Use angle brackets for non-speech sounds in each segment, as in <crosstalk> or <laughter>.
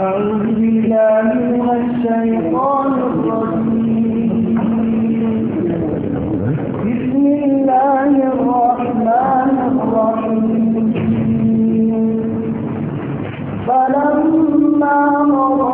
أعوذ بالله من الشيطان الرجيم بسم الله الرحمن الرحيم فلما مضى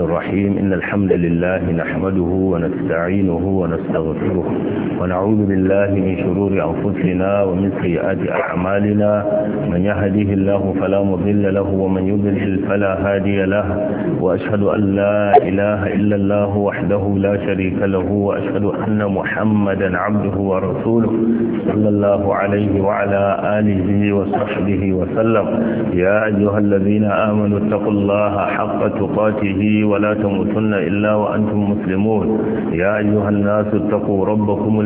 الرحمن الرحيم إن الحمد لله نحمده ونستعينه ونستغفره ونعوذ بالله من شرور أنفسنا ومن سيئات أعمالنا من يهده الله فلا مضل له ومن يضلل فلا هادي له وأشهد أن لا إله إلا الله وحده لا شريك له وأشهد أن محمدا عبده ورسوله صلى الله عليه وعلى آله وصحبه وسلم يا أيها الذين آمنوا اتقوا الله حق تقاته ولا تموتن إلا وأنتم مسلمون يا أيها الناس اتقوا ربكم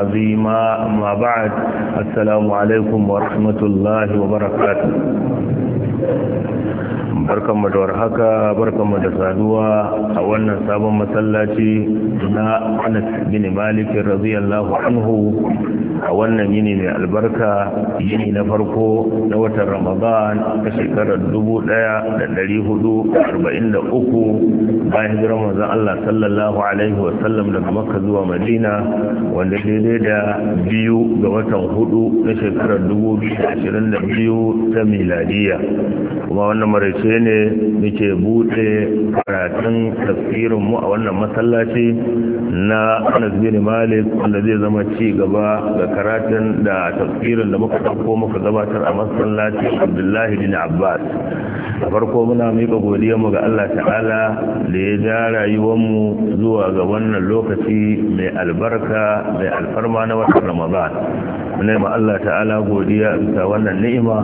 عظيما أما بعد السلام عليكم ورحمة الله وبركاته barkanmu da warhaka mu da saduwa a wannan sabon masallaci na Anas bin Malik radiyallahu anhu a wannan yini mai albarka yini na farko na watan ramadan ta shekarar 1443 bayan hijirar manzon Allah sallallahu alaihi daga makka zuwa madina wanda daidai da biyu ga watan hudu na shekarar 2022 ta miladiya kuma wannan maraice ne muke bude karatun tafsirin mu a wannan masallaci na Anas bin Malik wanda zai zama ci gaba ga karatun da tafsirin da muka ɗauko muka gabatar a masallaci abdullahi bin abbas a farko muna miƙa mu ga allah ta'ala da ya ja rayuwanmu zuwa ga wannan lokaci mai albarka mai alfarma na watan ramadan muna ma Allah ta'ala godiya bisa wannan ni'ima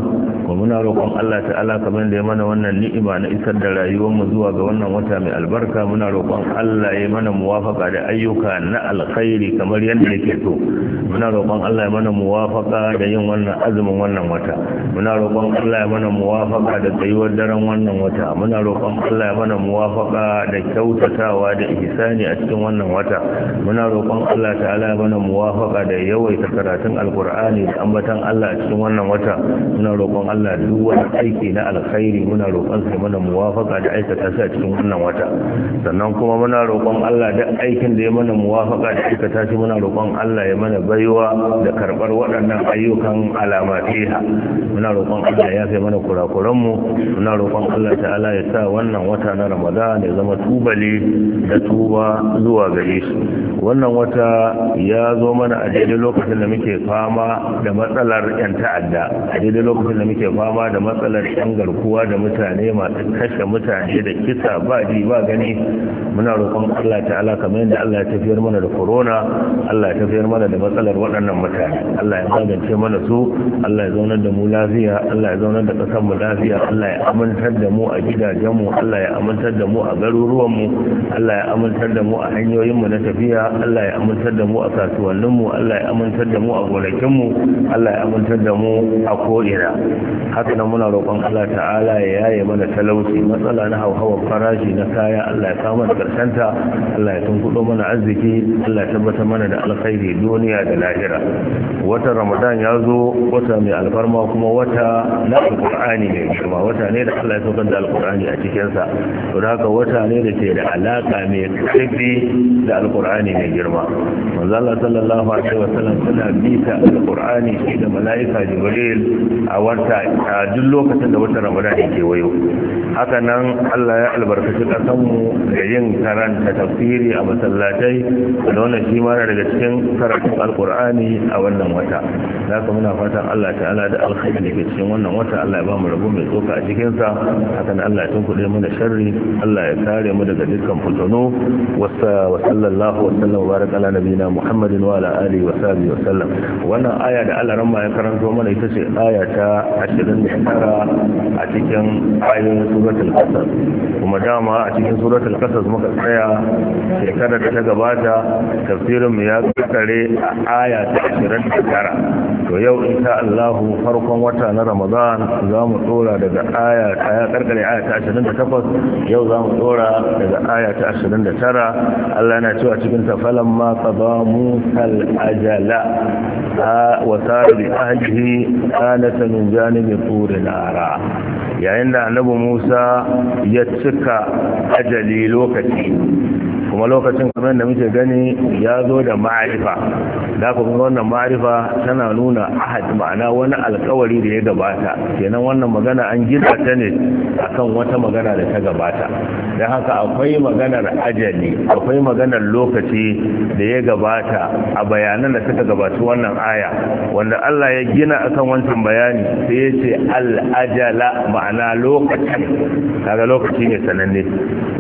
ko muna roƙon Allah ta'ala kamar da ya mana wannan ni'ima na isar da rayuwar mu zuwa ga wannan wata mai albarka muna roƙon Allah ya mana muwafaka da ayyuka na alkhairi kamar yadda yake so muna roƙon Allah ya mana muwafaka da yin wannan azumin wannan wata muna roƙon Allah ya mana muwafaka da tsayuwar daren wannan wata muna roƙon Allah ya mana muwafaka da kyautatawa da ihsani a cikin wannan wata muna roƙon Allah ta'ala ya mana muwafaka da yawaita karatun alkur'ani alkur'ani da ambatan Allah a cikin wannan wata muna roƙon Allah duk wani aiki na alkhairi muna roƙon sa mana muwafaka da aikata shi a cikin wannan wata sannan kuma muna roƙon Allah duk aikin da ya mana muwafaka da aikata shi muna roƙon Allah ya mana baiwa da karbar waɗannan ayyukan alamatiha muna roƙon Allah ya sai mana kurakuran mu muna roƙon Allah ta'ala ya sa wannan wata na Ramadan ya zama tubali da tuba zuwa gare shi wannan wata ya zo mana a daidai lokacin da muke fama fama da matsalar 'yan ta'adda a daidai lokacin da muke fama da matsalar 'yan garkuwa da mutane masu kashe mutane da kisa ba ji ba gani muna roƙon allah ta'ala kamar yadda allah ya tafiyar mana da corona allah ya tafiyar mana da matsalar waɗannan mutane allah ya magance mana su allah ya zaunar da mu lafiya allah ya zaunar da ƙasar mu lafiya allah ya amintar da mu a gidajenmu allah ya amintar da mu a garuruwanmu allah ya amintar da mu a hanyoyinmu na tafiya allah ya amintar da mu a kasuwanninmu allah ya amintar da mu a mu Allah ya amintar da mu a ko'ina haka nan muna roƙon Allah ta'ala ya yaye mana talauci matsala na hauhawar farashi na kaya Allah ya kama da karshenta Allah ya tunkuɗo mana arziki Allah ya tabbatar mana da alkhairi duniya da lahira Wata ramadan ya zo wata mai alfarma kuma wata na alƙur'ani mai girma wata ne da Allah ya saukar da alƙur'ani a cikinsa to haka wata ne da ke da alaƙa mai ƙarfi da alƙur'ani mai girma manzo Allah sallallahu alaihi wasallam suna bita alƙur'ani shi da mala'ika jibril a wata a duk lokacin da wata ramadan yake wayo haka nan allah ya albarkaci kasanmu da yin karanta tafsiri a masallatai da wannan shi mana daga cikin karatun alƙur'ani a wannan wata za ka muna fatan allah ta'ala da alkhairi da ke cikin wannan wata allah ya ba mu rabu mai tsoka a cikinsa haka nan allah ya tunkuɗe mu da sharri allah ya kare mu daga dukkan fitano wasa wa sallallahu wa sallam wa baraka ala nabiyina muhammadin wa ala alihi wa sahbihi wa sallam wannan aya da alaran ma ya karanto mana ita ce aya ta 29 a cikin ayoyin suratul qasas kuma dama a cikin suratul qasas muka tsaya shekarar da ta gabata tafsirin mu ya kare aya ta 29 to yau insha Allah farkon wata na Ramadan za mu dora daga aya ta ya karkare aya ta 28 yau za mu dora daga aya ta 29 Allah yana cewa cikin tafalan ma qada musal ajala وسار بأهله آلة من جانب طور ara. yayin da annabi Musa ya cika ajali lokaci kuma lokacin kamar da muke gani ya zo da ma'arifa da kuma wannan ma'arifa tana nuna ahad ma'ana wani alkawari da ya gabata kenan wannan magana an gina ta ne akan wata magana da ta gabata don haka akwai maganar ajali akwai maganar lokaci da ya gabata a bayanan da suka gabata wannan aya aya wanda Allah ya gina akan wancan bayani sai ya ce al'ajala ma'ana lokaci kaga lokaci ne sananne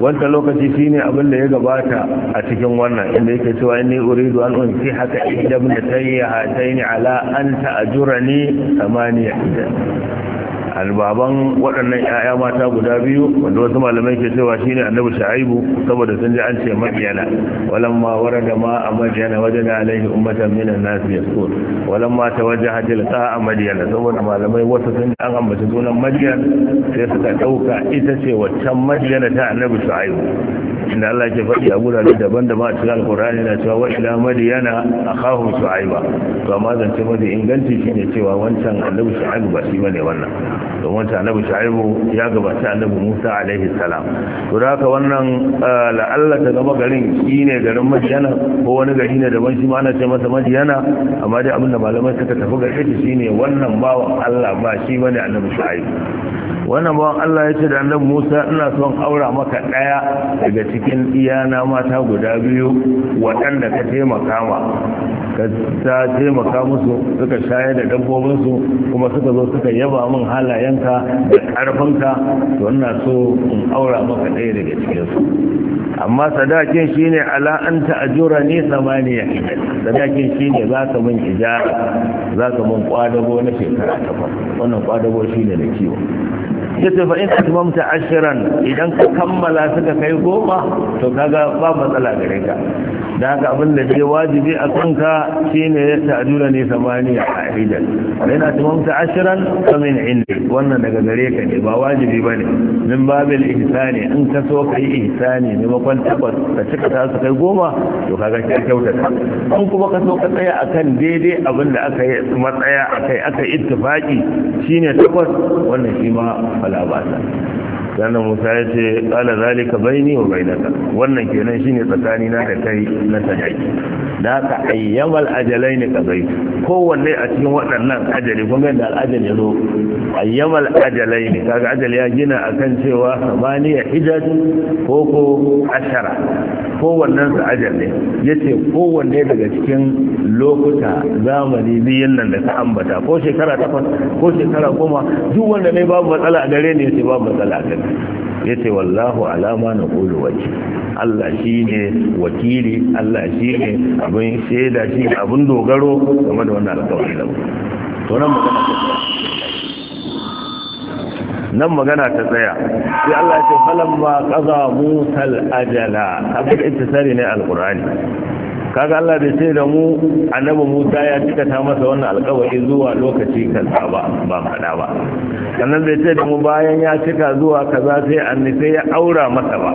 wancan lokaci shine abin da ya gabata a cikin wannan inda yake cewa inni uridu an unsi haka idan da tayyiha tayni ala an ajurani samaniya albaban waɗannan 'ya'ya mata guda biyu wanda wasu malamai ke cewa shi ne annabi shu'aibu saboda sun ji an ce madiyana walamma da ma a madiyana wajada alaihi ummatan minan ya nas yasqut walamma tawajjaha tilqa a madiyana saboda malamai wasu sun ji an ambaci sunan madiyan sai suka ɗauka ita ce waccan madiyana ta annabi shu'aibu inda Allah ke faɗi a gurare daban-daban a cikin alkur'ani na cewa wa ila madiyana a akhahum shu'aiba to amma zance mafi inganci shine cewa wancan annabi shu'aibu ba shi bane wannan domin ta annabi shaibu ya gabaci annabi musa alaihi salam to da haka wannan eh, la'alla ta zama garin shine garin madiyana ko wani gari ne daban shi ma ana ce masa madiyana amma dai abinda malamai suka tafi ga shi shine wannan bawan allah ba shi bane annabi shaibu wannan bawan allah ya ce da annabi musa ina son aura maka daya daga cikin iyana mata guda biyu waɗanda ka taimaka ma ka ta taimaka musu suka shayar da dabbobinsu kuma suka zo suka yaba min halaye iyayenka da ƙarfinka to ina so in aura maka ɗaya daga cikinsu amma sadakin shi ne ala an ta'ajura ne samaniya sadakin shi ne za ka min ijara za ka min ƙwadago na shekara takwas wannan ƙwadago shi ne na kiwo ya ce fa'in atmamta ashiran idan ka kammala suka kai goma to kaga ba matsala gare ka da haka abin da ke wajibi a kanka shine ya ta'aduna ne samaniya a hidan fa'in atmamta ashiran fa min indi wannan daga gare ka ne ba wajibi bane min babil ihsani in ka so yi ihsani ne makon tabbas ka cika ta su kai goma to kaga ka ta an kuma ka so ka tsaya akan daidai abin da aka yi matsaya akai aka ittifaki shine tabbas wannan shi ma fala ba sa sannan musa ya ce ala zalika baini wa bainaka wannan kenan shine tsakani na da kai na sadaki da ka ayyamal ajalai ne kabai kowanne a cikin waɗannan ajali kuma ga da al'ajal ya zo ayyamal ajalai ne kaga ajal ya gina akan cewa samaniya hijaj ko ko ashara kowannen su ajal ne yace kowanne daga cikin lokuta zamani biyun nan da ka ambata ko shekara takwas ko shekara goma duk wanda ne babu matsala a gare ne yace babu matsala a gare ya ce wallahu alama na ƙulu wace Allah shi ne wakili Allah shi ne abin shaida shi ne abin dogaro game da wannan alkawari da to nan magana ta tsaya nan magana ta tsaya sai Allah ya ce falamma qaza musal ajala abin ittisari ne alqur'ani kaga Allah bai ce da mu annabi Musa ya cika ta masa wannan alƙawari zuwa lokaci kaza ba ba fada ba sannan bai ce da mu bayan ya cika zuwa kaza sai annabi ya aura masa ba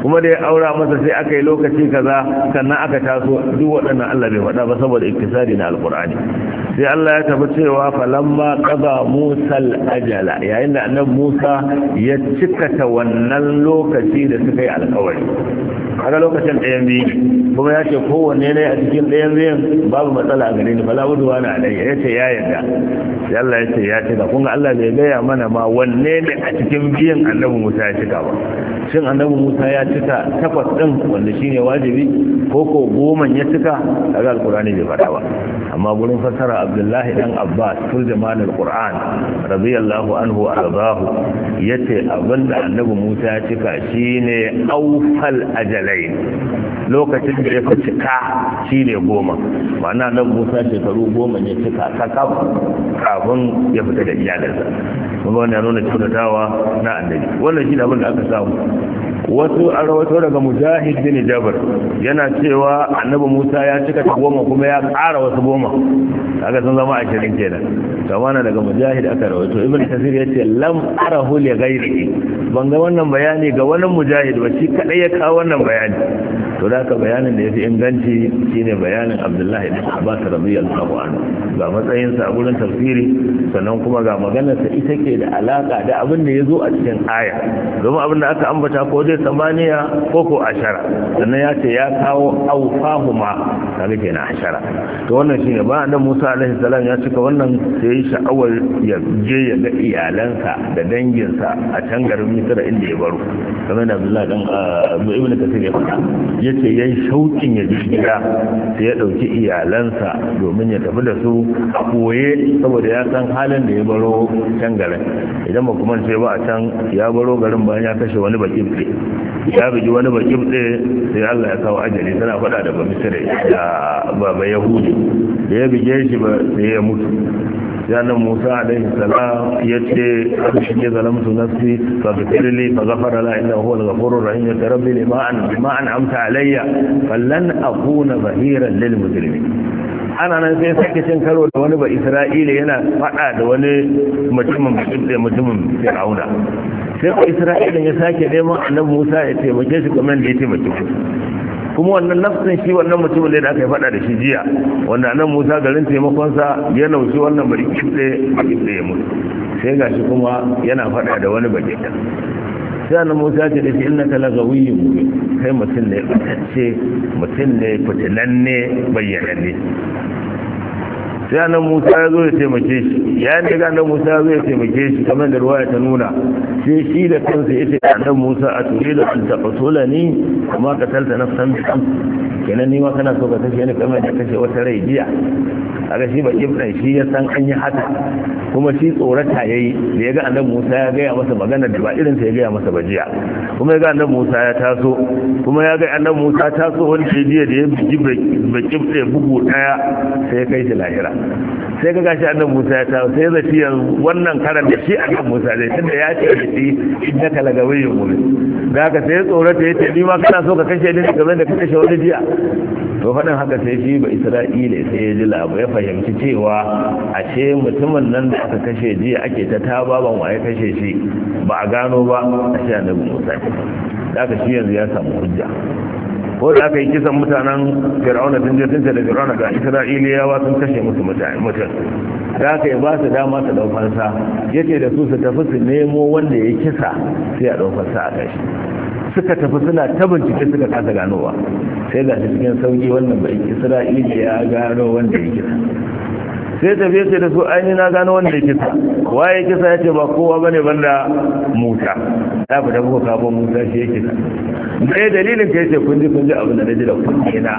kuma da ya aura masa sai aka yi lokaci kaza sannan aka taso duk waɗannan Allah bai faɗa ba saboda iktisari na alƙur'ani sai Allah ya tafi cewa falamma qada Musa al-ajala yayin da annabi Musa ya cika ta wannan lokaci da suka yi alƙawari kaga lokacin ɗayan biyu kuma ya ce kowanne ne a cikin ɗayan biyan babu matsala a gare ni fala udwa na alayya yace ya yarda sai Allah ya ce ya cika kun ga Allah bai gaya mana ma wanne ne a cikin biyan annabi Musa ya cika ba shin annabi Musa ya cika takwas ɗin wanda shine wajibi ko ko goma ya cika kaga alkurani bai faɗa ba amma gurin fassara abdullahi dan abbas turjaman القران رضي anhu عنه yace يتي annabi musa موسى cika shine awfal ajalai lokacin da ya cika shine goma ma'ana nan musa shekaru goma ne cika kakaf kafin ya fita da iyalinsa kuma wannan ya nuna kyautatawa na annabi wannan shi abin da aka samu wasu an rawato daga mujahid bin jabir yana cewa annabi musa ya cika ta goma kuma ya ƙara wasu goma kaga sun zama ashirin kenan kamana daga mujahid aka rawaito ibnu kasir ya ce lam arahu li ghairi ban ga wannan bayani ga wani mujahid ba shi kadai ya kawo wannan bayani to da ka bayanin da yafi inganci shine bayanin abdullahi ibn abbas radiyallahu anhu ga matsayin sa a gurin tafsiri sannan kuma ga maganar sa ita ke da alaka da abin da yazo a cikin aya domin abin da aka ambata ko dai samaniya ko ko ashara sannan ya ce ya kawo aufahuma kaga kenan ashara to wannan shine ba da Musa alaihi salam ya cika wannan sai ya sha'awar ya je ya ga iyalansa da danginsa a can garin mitra inda ya baro kamar da abdullahi dan ah, ibnu kasir ya faɗa yace yayi shaukin ya ji gida sai ya dauki iyalansa domin ya tafi da su a koye saboda ya san halin da ya baro can garin idan ba kuma sai ba a can ya baro garin bayan ya kashe wani baki ya bigi wani baki sai Allah ya kawo ajali tana faɗa da ba misra da ba yahudi da ya bige shi ba sai ya mutu yanar musa alaihi salam ya ce shi ke zalamtu nafsi fa bikirli fa ghafara la inna huwa al-ghafurur rahim ya tarabbi lima an ma'an an amta alayya fallan akuna zahiran lil mujrimin ana nan sai sake cin karo da wani ba isra'ila yana faɗa da wani mutumin mutumin fir'auna sai ko isra'ila ya sake neman annabi musa ya taimake shi kamar da ya taimake shi kuma wannan nafsin shi wannan mutumin da aka yi faɗa da shi jiya wanda nan musa garin taimakonsa ya nauci wannan bari kitse a kitse ya mutu sai gashi kuma yana faɗa da wani bage ɗan sai nan musa ce da shi inna ka lagawiyin mu kai mutum ne ɓatacce mutum ne fitilanne bayyananne sai annabi Musa ya zo ya taimake shi ya ne ga Musa ya zo ya taimake shi kamar da ruwaya ta nuna sai shi da kansa yace annabi Musa a turi da anta sola ni kuma ka talta na bi kan kenan ni ma kana so ka kashe ni kamar da kashe wata rai jiya kaga shi ba kibran shi ya san an yi haka kuma shi tsorata yayi da ya ga annabi Musa ya ga ya masa magana da ba irin sa ya ga masa ba jiya kuma ya ga annabi Musa ya taso kuma ya ga annabi Musa taso wani jiya da ya ji ba ya bugu daya sai kai shi lahira sai ga gashi annabi Musa ya tawo sai zafi yanzu wannan karan da shi annabi Musa zai tunda ya ce inda kala innaka lagawiyyun mubin da haka sai tsorata yace ni ma kana so ka kashe ni kamar da ka kashe wani jiya to faɗin haka sai shi ba Isra'ila sai ya ji labu ya fahimci cewa ashe mutumin nan da aka kashe jiya ake ta tababan waye kashe shi ba a gano ba a ce annabi Musa da haka shi yanzu ya samu hujja ko da aka yi kisan mutanen fir'auna sun je sun da fir'auna ga isra'iliyawa sun kashe musu mutane mutum da aka yi ba su dama su daukansa yake da su su tafi su nemo wanda ya kisa sai a daukansa a kashi suka tafi suna ta bincike suka kasa ganowa sai ga cikin sauki wannan bai isra'iliya gano wanda ya kisa sai tafiye ce da su aini na gano wanda ya kisa waye kisa ya ce ba kowa ba ne banda musa ta fita kuka kafin musa shi ya kisa ɗaya dalilin ka ce kun ji kun ji abin da na ji da kuɗi na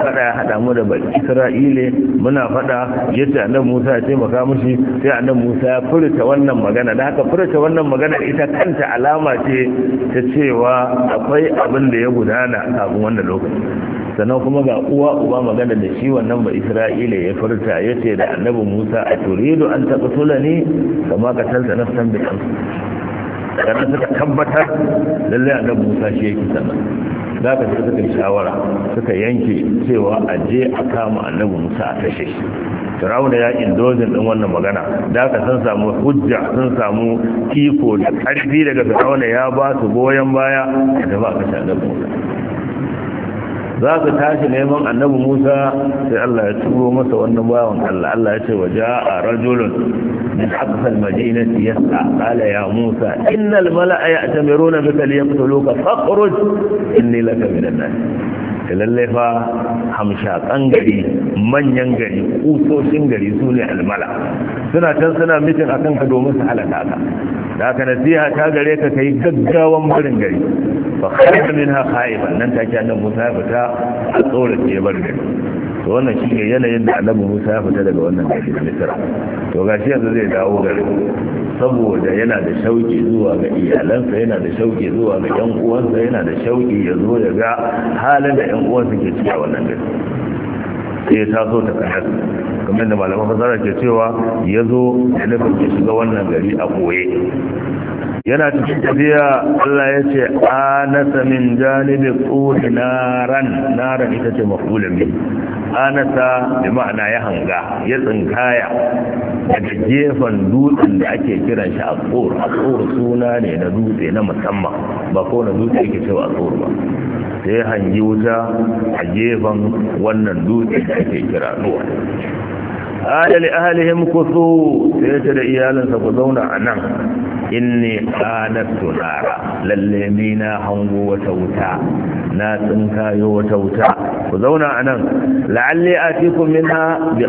faɗa ya haɗa mu da ba isra'ile muna faɗa yadda annan musa ya taimaka mushi sai annan musa ya furta wannan magana da haka furta wannan magana ita kanta alama ce ta cewa akwai abin da ya gudana kafin wannan lokaci sannan kuma ga uwa uba magana da shi wannan ba isra'ila ya furta ya ce da annabi musa a turidu an taɓa ne kama ka talta nafsan bi daga suka tabbatar lallai annabi musa shi yake sana za ka suka kai shawara suka yanke cewa a je a kama annabi musa a tashe shi firawuna ya indozin din wannan magana da ka san samu hujja sun samu kiko da karfi daga firawuna ya ba su goyon baya da ba ka annabi musa za su tashi neman annabi musa sai allah ya turo masa wannan bawan allah allah ya ce wa ja'a rajulun min aqsal madinati yas'a qala ya musa innal mala'a ya'tamiruna bika liyaqtuluka fakhruj inni laka min an-nas lalle fa hamshakan gari manyan gari kusoshin gari su ne almala suna can suna mitin akan ka domin su halaka ka da aka nasiha ta gare ka kai gaggawan barin gari fa khairu minha khaiban nan take annabi Musa ya fita a ke barin gari to wannan shi ne yanayin da annabi Musa ya fita daga wannan gari da Misra to gashi yanzu zai dawo gari saboda yana da shauki zuwa ga iyalansa yana da shauki zuwa ga yan uwansa yana da shauki ya zo ya ga halin da yan uwansa ke ciki a wannan gari sai ya taso ta kashar kamar da malaman fasara ke cewa ya zo ya nufin ya shiga wannan gari a koye yana cikin tafiya Allah ya ce anasa min janibi tsuri naran naran ita ce mafulun bi anasa bi ma'ana ya hanga ya tsinkaya daga gefen dutsen da ake kiran shi a tsoro a tsoro suna ne na dutse na musamman ba ko na dutse yake cewa a tsoro ba sai hangi wuta a gefen wannan dutse da ake kira nuwa qala li ahlihim kusu sai ta da iyalinsa ku zauna a nan inni qanatu tunara lalle na hango wata wuta na tsinkayo wata wuta ku zauna a nan la'alli cikin minha bi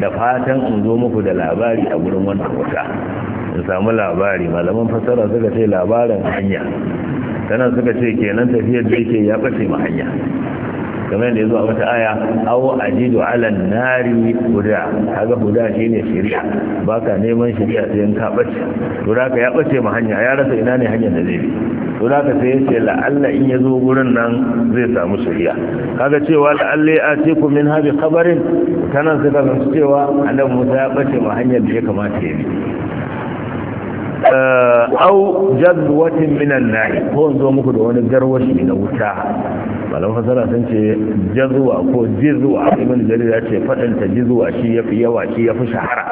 da fatan in zo muku da labari a gurin wannan wuta in samu labari malaman fasara suka ce labarin hanya sanan suka ce kenan tafiyar da yake ya bace mu hanya kamar da ya zuwa wata aya aw ajidu ala nari huda kaga huda shine shari'a baka neman shari'a sai ka bace to da ya bace ma hanya ya rasa ina ne hanyar da zai bi to da sai yace la alla in ya zo gurin nan zai samu shari'a kaga cewa la alla atiku min habi khabarin kana sai ka cewa annabi Musa ya bace ma hanyar da ya kamata ya bi Eh, au jazwatin minan na'i ko zo muku da wani garwashi na wuta malam fasara sun ce jazwa ko jizwa ibn jarir ya ce fadanta jizwa shi yafi yawa shi yafi shahara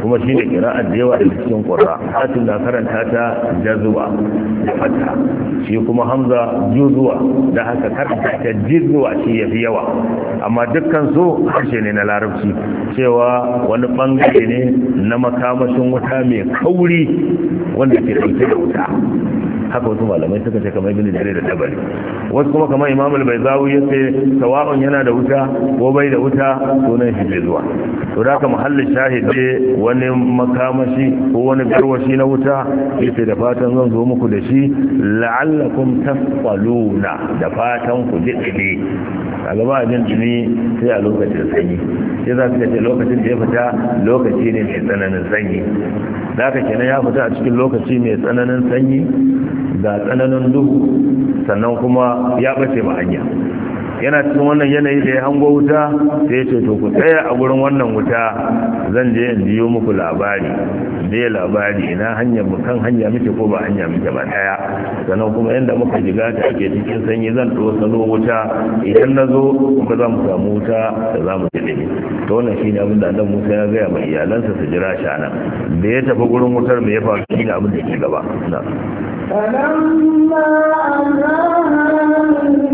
kuma shi ne kira'ar da yawa daga cikin ƙura hatin na karanta ta jazuwa da fata shi kuma hamza juzuwa da haka karanta ta jizuwa shi ya fi yawa amma dukkan su harshe ne na larabci cewa wani bangare ne na makamashin wuta mai kauri wanda ke ɗauke da wuta haka wasu malamai suka ce kamar gini da dabari wasu kuma kamar imam al-baizawi ya ce sawa'un yana da wuta ko bai da wuta sunan shi bai zuwa to da ka muhallin shahidi wani makamashi ko wani garwashi na wuta yace da fatan zan zo muku da shi la'allakum tasqaluna da fatan ku ji dide a gaba jin jini sai a lokacin sanyi sai za su ce lokacin da ya fita lokaci ne mai tsananin sanyi da kenan ya fita a cikin lokaci mai tsananin sanyi ga tsananin duhu sannan kuma ya bace ba hanya yana cikin wannan yanayi da ya hango wuta sai ya ce to ku tsaya a gurin wannan wuta zan je in biyo muku labari ya labari ina hanyar mu kan hanya muke ko ba hanya muke ba daya sannan kuma yadda muka shiga ta ake cikin sanyi zan ɗo salo wuta idan na zo za mu samu wuta da za mu je ɗaya to wannan shi ne abin da musa ya gaya mai iyalansa su jira shana da ya tafi gurin wutar mai ya faru shi ne abin da ke gaba فلما أزاها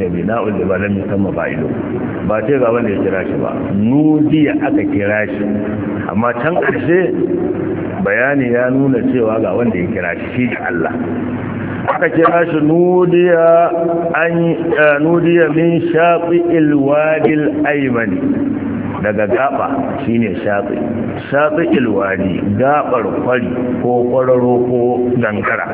shine na da ba lam yusamma fa'ilu ba ce ga wanda ya kira shi ba nudiya aka kira shi amma can ƙarshe bayani ya nuna cewa ga wanda ya kira shi da Allah aka kira shi nudiya an eh, nudiya min shafi'il wadil ayman daga gaba shine shatsi shatsi ilwadi gabar kwari ko kwararo ko dankara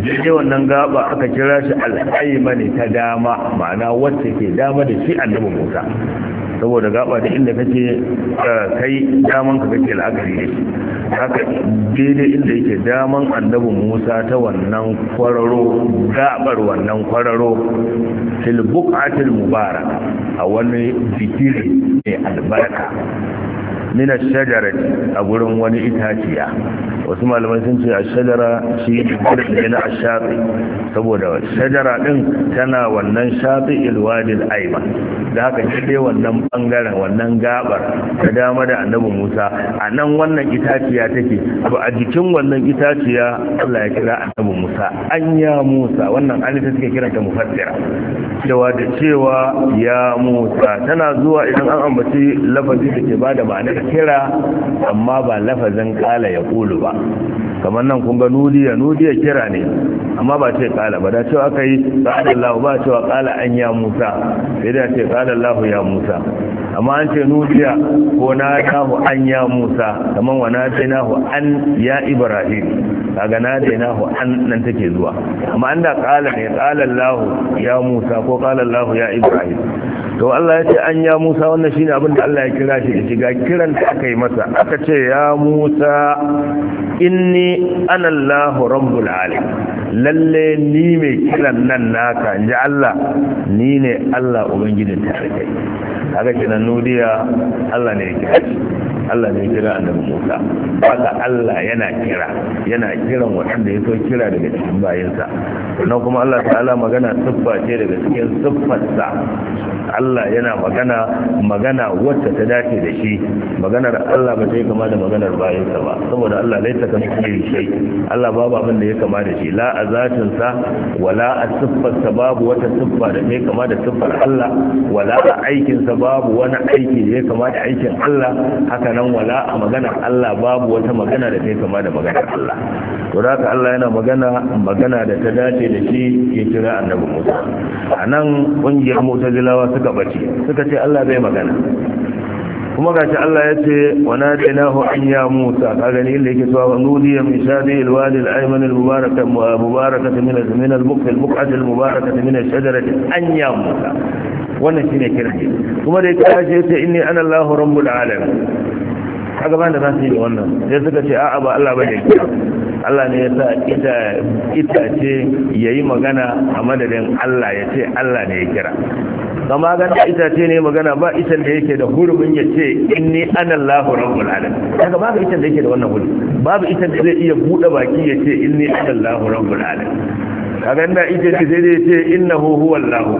jike wannan gaba aka kira shi al'aimani ta dama ma'ana wacce ke dama da shi annabi Musa saboda gaba da inda kake kai daman ka kake la'akari ne haka daidai inda yake daman annabi Musa ta wannan kwararo gabar wannan kwararo fil buqatil mubarak a wani fitiri ne albarka albarka mina shajara a gurin wani itaciya wasu malamai sun ce a shajara shi ne na shafi. saboda shajara din tana wannan shafi ilwadil aiman da haka shi wannan bangaren wannan gabar ta dama da annabi musa a nan wannan itaciya take to a jikin wannan itaciya allah ya kira annabi musa an ya musa wannan an ta suke kiranta mufassira cewa da cewa ya musa tana zuwa idan an ambaci lafazi da ke bada ma'anar kira amma ba lafazin kala ya kulu ba kamar nan kun ga nudiya nudiya kira ne amma ba ce kala ba da cewa aka yi sa'adallahu ba cewa kala an ya musa sai da ce sa'adallahu ya musa amma an ce nudiya ko na dahu an ya musa kamar wa na dainahu an ya ibrahim kaga na dainahu an nan take zuwa amma an da kala ne kala lahu ya musa ko kala lahu ya ibrahim to Allah ya ce an ya musa wannan shine abin da Allah ya kira shi da shiga kiran da aka yi masa aka ce ya musa inni anallahu rabbul alamin lalle ni mai kiran nan naka in ji allah ni ne allah ubangijin tare kai haka kinan nudiya allah ne ya kira Allah ne kira annabi Musa haka Allah yana kira yana kiran waɗanda ya so kira daga cikin bayansa. sannan kuma Allah ta'ala magana siffa ce daga cikin siffarsa Allah yana magana magana wacce ta dace da shi maganar Allah ba ta yi kama da maganar bayansa ba saboda Allah laita kan kiri shai Allah babu abin da ya kama da shi la a zatinsa wala a siffarsa babu wata siffa da ta kama da siffar Allah wala a aikinsa babu wani aiki da ya kama da aikin Allah haka nan wala a maganar Allah babu wata magana da ta kama da maganar Allah to da haka Allah yana magana magana da ta dace da shi ke kira annabi Musa anan kungiyar Mu'tazilawa suka bace suka ce Allah zai magana kuma shi Allah ya ce wa nadainahu an ya Musa ka gani inda yake tuwa wa nudiya min shadi alwadi alayman almubarak ah, mubarakah minar min almuqf almuqat minar min alshajarati an ya Musa wannan shine kirki kuma da yake ya ce inni ana Allahu rabbul alam kaga ba da za su yi da wannan sai suka ce a'a ba Allah bane Allah ne ya sa ita ita ce yayi magana a madadin Allah ya ce Allah ne ya kira kama ga ita ce ne magana ba ita da yake da hurumin ya ce inni ana Allahu rabbul alamin kaga babu ita da yake da wannan hurumi babu ita da zai iya bude baki ya ce inni ana Allahu rabbul alamin kaga inda ita ce zai ya ce innahu huwallahu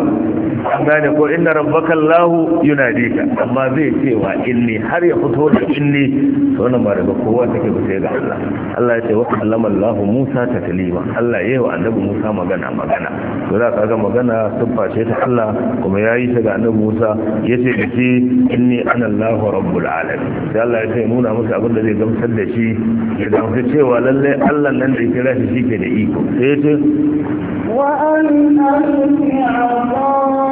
gane ko inna rabbaka Allahu yunadika amma zai cewa inni har ya fito da inni to nan ba kowa take ba sai ga Allah Allah ya ce wa kallama Allahu Musa taklima Allah ya yi wa annabi Musa magana magana to za ka ga magana sun fashe ta Allah kuma yayi ta ga annabi Musa yace da shi inni ana Allahu rabbul alamin sai Allah ya ce nuna masa abin da zai gamsar da shi ya gamsu cewa lalle Allah nan da ya kira shi ke da iko sai ya ce wa an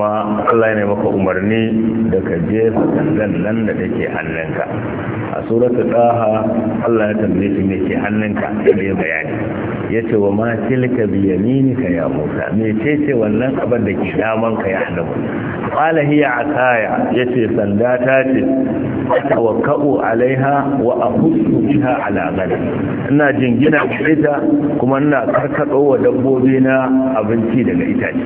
kuma Allah ne maka umarni da ka jefa sandan nan da take hannunka a suratul taha Allah ya tambaye shi me ke hannunka da ya bayani yace wa ma tilka bi yaminika ya Musa me ce ce wannan abin da ke daman ka ya Adamu qala hiya ataya yace sanda ta ce tawakkau alaiha wa ahussu biha ala ghadan ina jingina ita kuma ina karkado wa dabbobi na abinci daga itace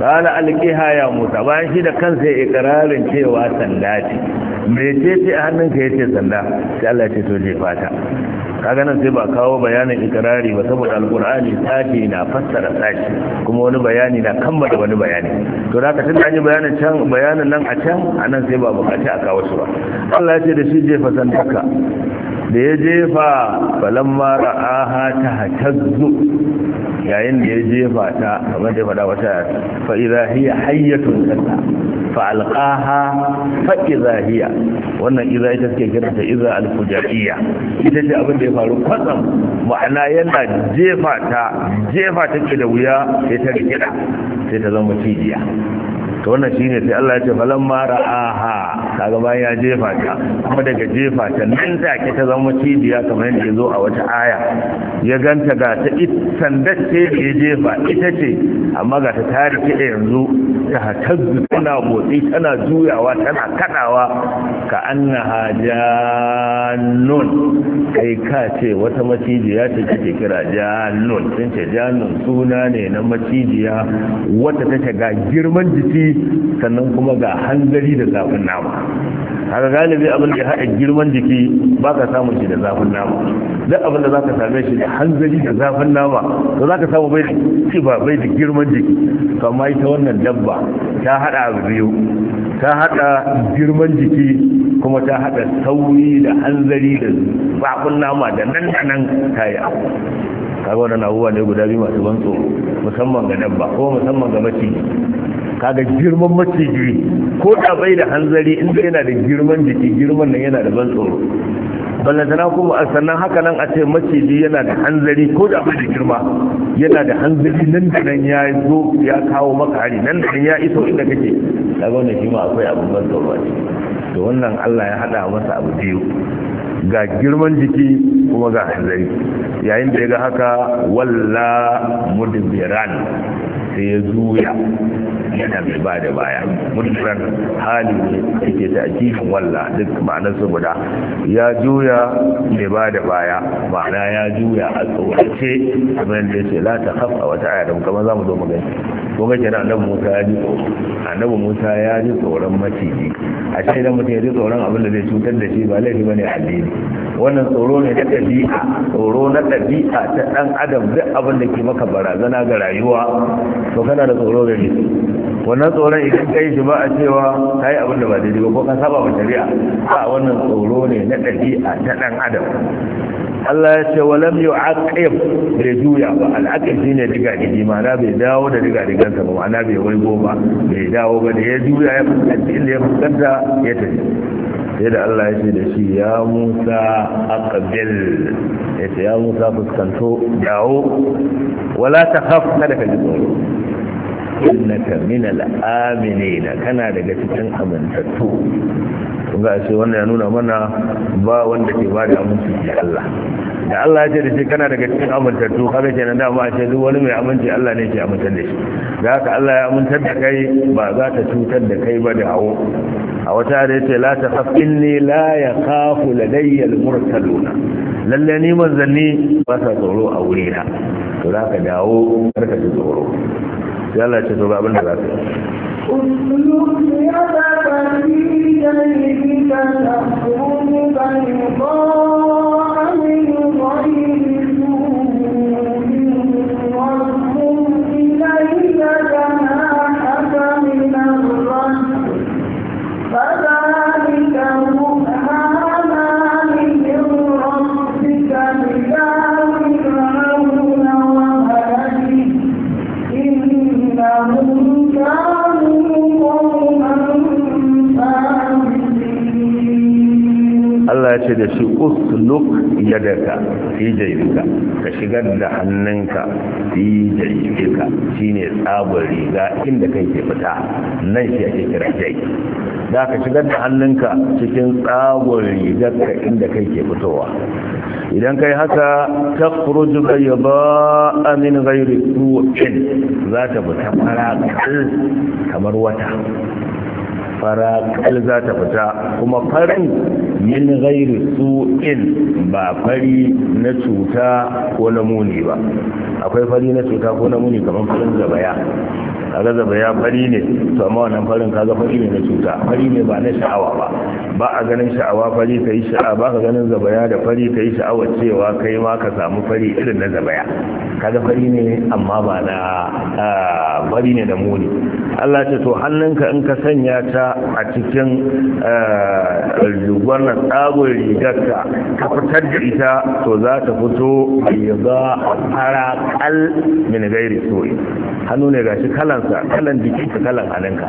kala alqiha ya musa bayan shi da kansa ya ikirarin cewa sanda ce me ce ce a hannunka yace sanda sai Allah ya ce to je fata kaga nan sai ba kawo bayanin ikrari ba saboda alqur'ani sashi na fassara sashi kuma wani bayani na kammala wani bayani to da ka tunda an yi bayanin can bayanin nan a can a nan sai ba bukaci a kawo shi ba Allah ya ce da shi je fasantaka da ya jefa falamma ra'aha ta hatazzu yayin da ya jefa ta kamar da faɗa wata fa idza hayyatun kalla fa alqaha wannan idza ita take kiranta idza alfujaiya ita ce abin da ya faru kwatsam ma'ana yana jefa ta jefa da wuya sai ta rikida sai ta zama cijiya to wannan shine sai Allah ya ce falamma ra'aha kaga bayan ya jefa ta kuma daga jefa ta nan take ta zama cibiya kamar yadda yazo a wata aya ya ganta ga ta sandar ce da ya jefa ita ce amma ga ta tare da yanzu ta hatazzu tana motsi tana juyawa tana kaɗawa ka annaha jannun kai ka ce wata macijiya ce kike kira jannun sun ce jannun suna ne na macijiya wata take ga girman jiki sannan kuma ga hanzari da zafin nama haka galibi abin da ya haɗa girman jiki ba ka samun shi da zafin nama duk abin da za ka same shi da hanzari da zafin nama to za ka samu bai da ba bai da girman jiki kama ita wannan dabba ta haɗa abu biyu ta haɗa girman jiki kuma ta haɗa sauri da hanzari da zafin nama da nan da nan ta yi abu kaga wannan abubuwa ne guda biyu masu ban tsoro musamman ga dabba ko musamman ga maciji kaga girman maciji ko da bai da hanzari inda yana da girman jiki girman nan yana da ban tsoro ballantana kuma a sannan haka nan a ce maciji yana da hanzari ko da bai da girma yana da hanzari nan da nan ya zo ya kawo maka hari nan da nan ya iso inda kake kaga wannan shi ma akwai abin ban tsoro a ciki to wannan Allah ya hada masa abu biyu ga girman jiki kuma ga hanzari yayin da ya ga haka walla mudbiran sai ya zuya yana mai ba da baya mudbiran hali ne yake ta akifin walla duk ma'anar su guda ya juya mai ba da baya ma'ana ya juya a tsawace kamar da ya ce la ta a wata aya da kamar za mu zo magani." kuma ke na, kenan Musa ya ji tsoro annabi Musa ya ji tsoron maciji a ce da mutum ya ji tsoron abin da zai cutar da shi ba laifi ne addini wannan tsoro ne na ɗabi'a tsoro na ɗabi'a ta ɗan adam duk abin da ke maka barazana ga rayuwa to kana da tsoro gare wannan tsoron idan ka yi shi ba a cewa ka yi abin da ba daidai ba ko ka saba wa shari'a a wannan tsoro ne na ɗabi'a ta ɗan adam Allah ya ce walam yau aqib bai juya ba al'aqib shi ne diga gidi ma'ana bai dawo da diga digansa ba ma'ana bai waigo ba bai dawo ba da ya juya ya fuskanta inda ya fuskanta ya tafi sai da Allah ya ce da shi ya Musa aqbil ya ce ya Musa fuskanto dawo wala takhaf kada ka ji tsoro innaka min al-aminin kana daga cikin amintattu kun ga shi wannan ya nuna mana ba wanda ke ba da aminci da Allah da Allah ya ce da shi kana daga cikin amintattu kaga kenan da ba a ce duk wani mai aminci Allah ne ke amintar da shi da haka Allah ya amintar da kai ba za ta cutar da kai ba da hawo a wata da yace la takhaf inni la yakhafu ladayya al-mursaluna lalle ni manzanni ba sa tsoro a wuri na to za ka dawo kar ka ji tsoro Ya Allah ce to ba abin da za ka yi ce usluk yadaka fi jaybika ka shigar da hannunka fi jaybika shine tsabar riga inda kai ke fita nan shi ake kira jay da ka shigar da hannunka cikin tsabar ka inda kai ke fitowa idan kai haka ta furuju a amin gairi tuwacin za ta fita fara kamar wata farakal za ta fita kuma farin min su in ba fari na cuta ko na muni ba akwai fari na cuta ko na muni kamar farin zabaya alazaba ya fari ne to amma wannan farin kaga fari ne na cuta fari ne ba na sha'awa ba ba a ganin sha'awa fari ka yi sha'awa ba ka ganin zabaya da fari ka yi sha'awa cewa kai ma ka samu fari irin na zabaya kaga fari ne amma ba na fari ne da muni Allah ce to hannunka in ka sanya ta a cikin aljubar na tsagon rigar ka fitar da ita to za ta fito a fara kal min gairi soyi hannu ne gashi kalan kansa kalan jikinka kalan halinka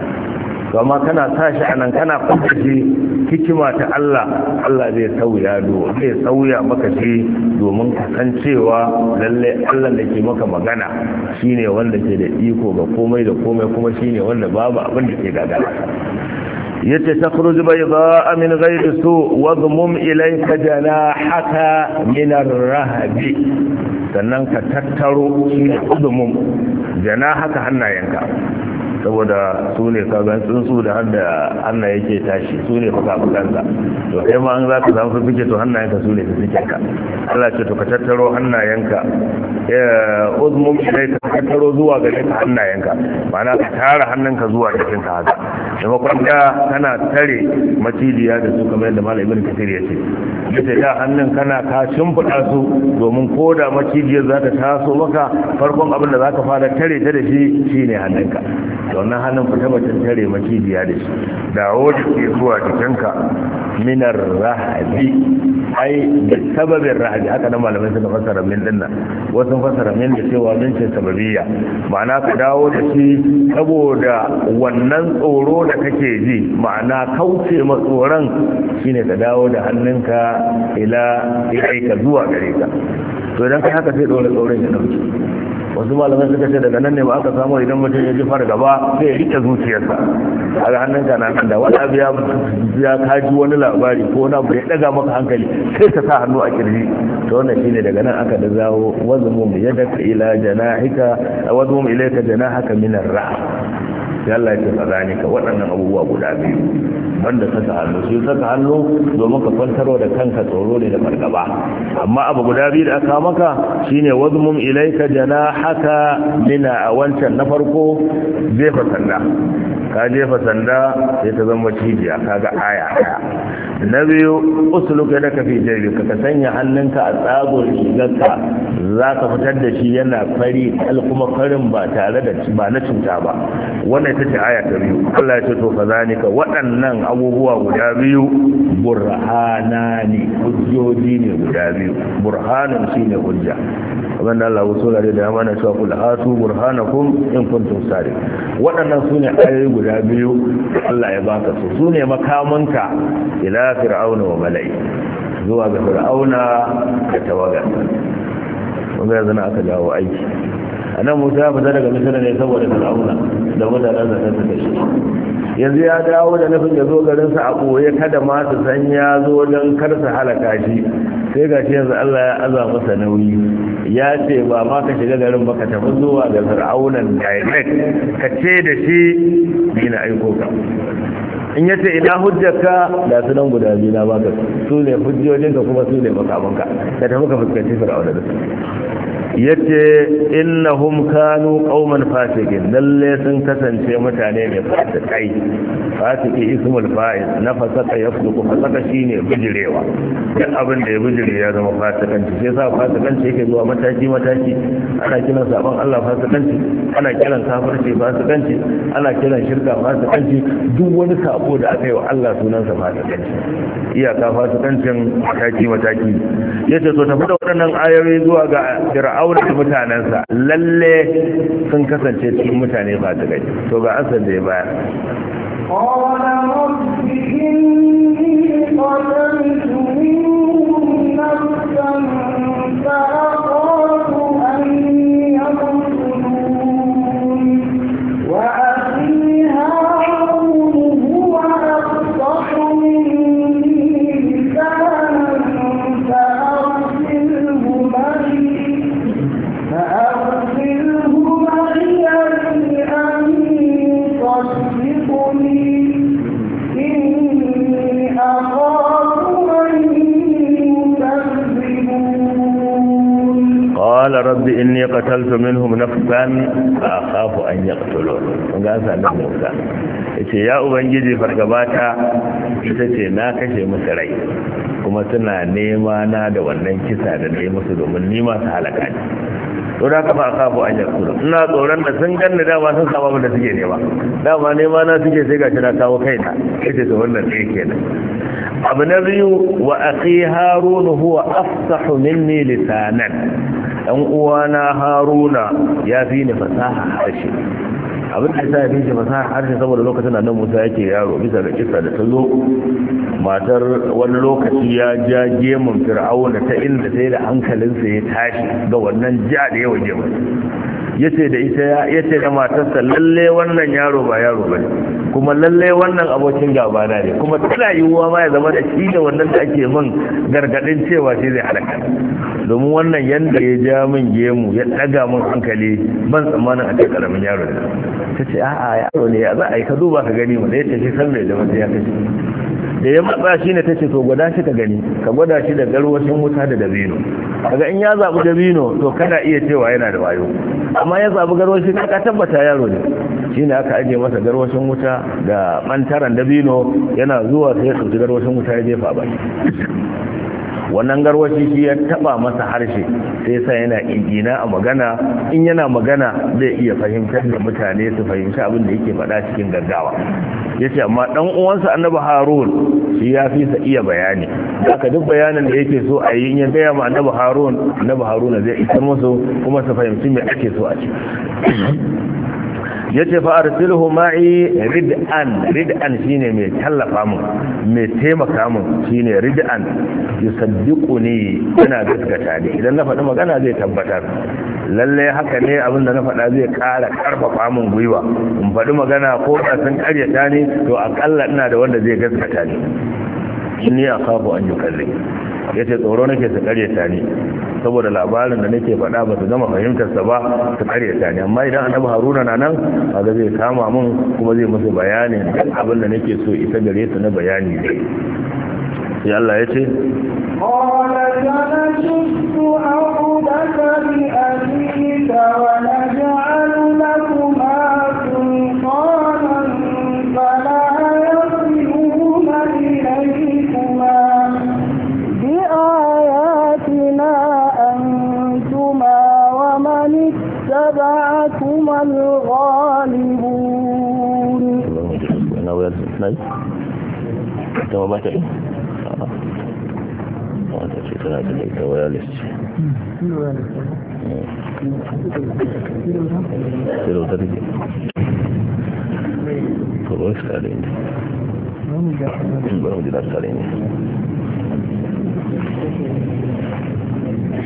kama kana tashi a nan kana fadace hikima ta Allah Allah zai sauya do zai sauya maka shi domin cewa lalle Allah da ke maka magana shine wanda ke da iko ga komai da komai kuma shine wanda babu abin da ke gagara yace takhruj bayda min ghayr su ilai ilayka janahaka min ar-rahbi sannan ka tattaro shi da uzumin jana haka hannayenka saboda su ne kagan tsuntsu da hannu yake tashi su ne fuka-fukansa to kai ma an za ka samu fifike to ka su ne ka Allah ce to ka tattaro hannayenka eh, uzmum ilai ka tattaro zuwa hannayen ka hannayenka ma'ana ka tara hannunka zuwa jikin ka haka maimakon da kana tare macijiya da su kamar yadda malamin ka kathir ya ce yace da hannun kana ka shimfiɗa su domin koda macijiyar za ta taso maka farkon abin da za ka fara tare ta da shi shine hannunka wannan hannun ku tabbatar tare maki biya da shi da wata ke zuwa jikinka minar rahabi ai da sababin rahabi haka nan malamai suka fassara min dinnan wasu fassara min da cewa min ce sababiyya ma'ana ka dawo da shi saboda wannan tsoro da kake ji ma'ana kauce ma tsoron shine ka dawo da hannunka ila aika zuwa gare ka to idan kai haka sai dole tsoron ya dauke wasu malamai suka ce daga nan ne ba aka samu idan mutum ya ji gaba sai ya rike zuciyarsa a ga hannun ka nan da wani abu ya kaji wani labari ko wani abu ya daga maka hankali sai ka sa hannu a kirji to wannan shine daga nan aka da zawo wazmum yadaka ila janahika wazmum ilayka janahaka sai Allah ya ce fa ka waɗannan abubuwa guda biyu banda saka hannu sai saka hannu domin ka fantaro da kanka tsoro ne da fargaba amma abu guda biyu da aka maka shine wazmum ilayka janahaka lina a wancan na farko jefa sanda ka jefa sanda sai ta zama cibiya kaga aya aya na biyu usluka da ka fi jarbika ka sanya hannunka a tsagon shigarka za ka fitar da shi yana fari al kuma farin ba tare da ba na cuta ba wannan wannan ita ce aya ta biyu Allah ya ce to fa zalika waɗannan abubuwa guda biyu burhanani hujjoji ne guda biyu shine hujja kamar da Allah wasu da ya mana cewa kul hatu burhanakum in kuntum waɗannan ayoyi guda biyu Allah ya baka su sune makamanka ila fir'auna wa mala'i zuwa ga fir'auna da tawaga wanda yanzu aka dawo aiki annan musa ya fita daga misira ne saboda fir'auna da mutanen da ta suka shi yanzu ya dawo da nufin ya zo garin sa a ɓoye kada ma su san ya zo don kar su halaka shi sai ga shi yanzu Allah ya aza masa nauyi ya ce ba ma ka shiga garin ba ka tafi zuwa ga fir'aunan direct ka ce da shi ni na aiko ka in yace ina hujjarka da su nan guda biyu na baka su ne hujjojinka kuma su ne makamanka ka tafi ka fuskanci fir'auna da su yace innahum kanu qauman fasikin lalle sun kasance mutane ne fasikai fasiki ismul fa'il na fasaka yafsuku fasaka shine bijirewa duk abin da ya bijire ya zama fasikanci sai sa fasikanci yake zuwa mataki mataki ana kiran sabon Allah fasikanci ana kiran kafirci fasikanci ana kiran shirka fasikanci duk wani sabo da aka yi wa Allah sunansa fasikanci iyaka fasikancin mataki mataki yace to tafi da waɗannan ayoyi zuwa ga fir'aun mutanen mutanensa lalle sun kasance cikin mutane ba ta gai to ga asar da ya baya yaqtulu minhum nafsan akhafu an yaqtulun kun ga sanin Musa yace ya ubangiji fargabata ita ce na kashe musu rai kuma suna nema na da wannan kisa da nayi musu domin ni ma su halaka ni to da ka ba akhafu an yaqtulun ina tsoron da sun ganni ba sun saba da suke nema ba nema na suke sai ga na kawo kaina yace to wannan sai kenan abu na biyu wa akhi harun huwa afsahu minni lisanan ɗan uwana haruna ya fi ni fasaha harshe abin da ya fi fasaha harshe saboda lokacin da musa yake yaro bisa ga kisa da ta matar wani lokaci ya ja gemun fir'auna ta inda sai da hankalinsa ya tashi ga wannan ja da yawa gemun ya da ita ya da matarsa lalle wannan yaro ba yaro ba ne kuma lalle wannan abokin gaba na ne kuma tana yiwuwa ma ya zama da shi da wannan da ake min gargadin cewa shi zai halaka domin wannan yanda ya ja min gemu ya daga min hankali ban tsammanin a karamin yaro ne ta ce a'a yaro ne za a yi ka duba ka gani mu da ce shi san mai zama ya kace da ya matsa shi ne ta ce to gwada shi ka gani ka gwada shi da garwashin wuta da dabino kaga in ya zabi dabino to kana iya cewa yana da wayo amma ya zabi garwashin ka tabbata yaro ne shine aka ajiye masa garwashin wuta da ɓantaran dabino yana zuwa sai ya tsinci garwashin wuta ya jefa ba wannan garwashi shi ya taba masa harshe sai sa yana igina a magana in yana magana zai iya fahimtar da mutane su fahimci abin da yake faɗa cikin gaggawa yace amma ɗan uwansa annabi harun shi ya fi sa iya bayani aka duk bayanin da yake so a yi in ya gaya ma annabi harun annabi haruna zai isar musu kuma su fahimci me ake so a ciki ya ce fa arsilhu ma'i rid'an rid'an shine mai tallafa mu mai taimaka mu shine rid'an yusaddiquni yana gaskata ni idan na faɗi magana zai tabbatar lallai haka ne abin da na faɗa zai ƙara karfafa mun gwiwa in faɗi magana ko da ƙaryata ni to akalla ina da wanda zai gaskata ni a kafa an ya yace tsoro nake su ƙaryata ni saboda labarin da nake faɗa ba su gama fahimtarsa ba su ta ne amma idan annabi haruna na nan kaga zai kama mun kuma zai musu bayani duk abin da nake so ita gare su na bayani ne sai Allah ya ce قال فنشد فأتبعكما الغالبون Vamos a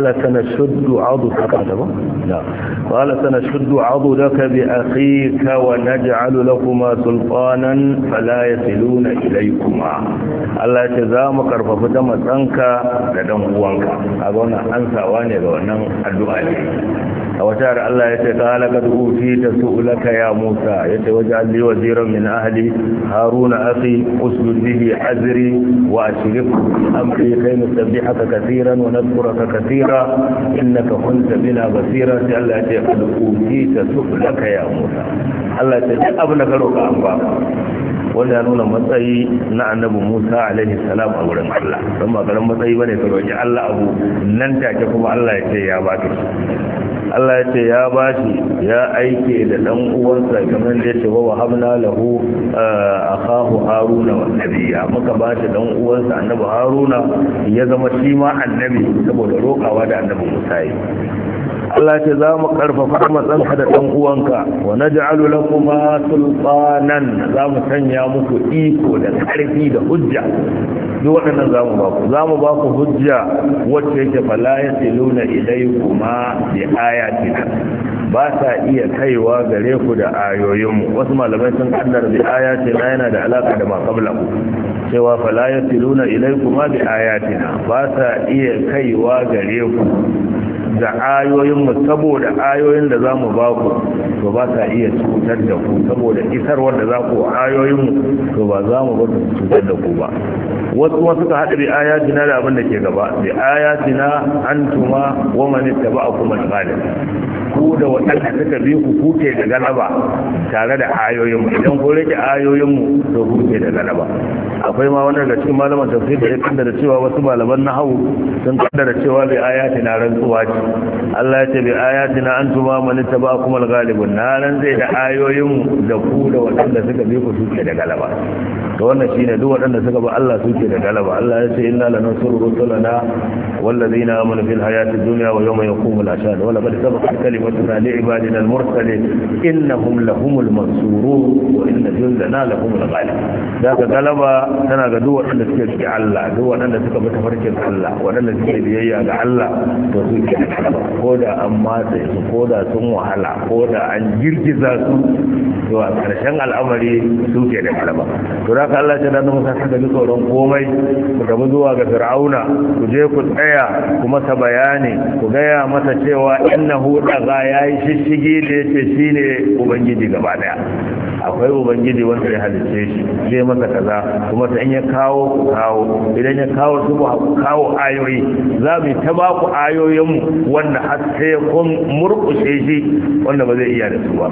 قال سنشد عضدك قال سنشد عضدك بأخيك ونجعل لكما سلطانا فلا يصلون إليكما الله يتزام كرفف دم سنك لدم قوانك أقولنا أنسى واني لو أنه الدعاء a wata Allah ya ce kala kad uti ta su'laka ya Musa ya ce waje alli waziran min ahli haruna akhi usbud bihi azri wa ashriku amri kai tabi nusabbihaka katiran wa ka nadhkuraka katira innaka kunta bina basira sai Allah ya ce kad uti ta su'laka ya Musa Allah ya ce duk abin da ka roka an ba wanda ya nuna matsayi na annabi Musa alaihi salam a wurin Allah don ba matsayi bane ka roki Allah abu nan take kuma Allah ya ce ya baka Allah ya ce ya bashi ya aike da dan uwansa kamar da yace wa wahabna lahu kahu haruna wa Nabiya. muka bashi dan uwansa annabi haruna ya zama shi ma annabi saboda rokawa da annabi Musa yi. Allah ce za mu karfafa matsanka da ɗan uwanka wa na ja'alu lakuma sultanan za mu sanya muku iko da ƙarfi da hujja duk waɗannan za mu baku za mu baku hujja wacce yake fala ya idai kuma bi aya ayatina ba sa iya kaiwa gare ku da ayoyinmu wasu malamai sun kaddara bi ayatina yana da alaka da makabla ku cewa fala yasiluna ilaykum bi ayatina ba sa iya kaiwa gare ku Da ayoyinmu saboda ayoyin da za mu ba ku to ba ta iya cutar da ku saboda isarwar da za ku ayoyinmu to ba za mu ba su cutar da ku ba wasu wasu ka haɗa ayati na da abin da ke gaba bi ayatina antuma wa man ittaba'akum al-ghalib ku da waɗanda suka bi ku kuke da galaba tare da ayoyinmu idan ku rike ayoyinmu to kuke da galaba akwai ma wani daga cikin malaman tafsir da ya kaddara cewa wasu malaman nahawu sun kaddara cewa bi na rantsuwa ce Allah ya ce bi ayatina antuma man tabaakum al-ghalibun nan zai da ayoyin da ku da waɗanda suka bi ku suke da galaba to wannan shine duk waɗanda suka bi Allah suke da galaba Allah ya ce inna lanansuru rusulana wallazina amanu fil hayati dunya wa yawma yaqumul ashhad wa laqad sabaqat kalimatuna li ibadina al-mursalin innahum lahumul mansurun wa inna jundana lahumul ghalib daga galaba tana ga duk waɗanda suke bi Allah duk waɗanda suka bi tafarkin Allah waɗanda suke biyayya ga Allah to suke da Koda an matse su koda sun wahala koda an girgiza su to a ƙarshen al'amari su ke da galaba to da Allah ce da musa ka ji tsoron komai ku tafi zuwa ga fir'auna ku je ku tsaya ku masa bayani ku gaya masa cewa innahu daga yayi shishige da yace shine ubangiji gaba daya akwai ubangiji wanda ya halice shi zai masa kaza kuma sai ya kawo ku kawo idan ya kawo su ku kawo ayoyi za mu ta ba ku ayoyinmu wanda har sai kun murkushe shi wanda ba zai iya da su ba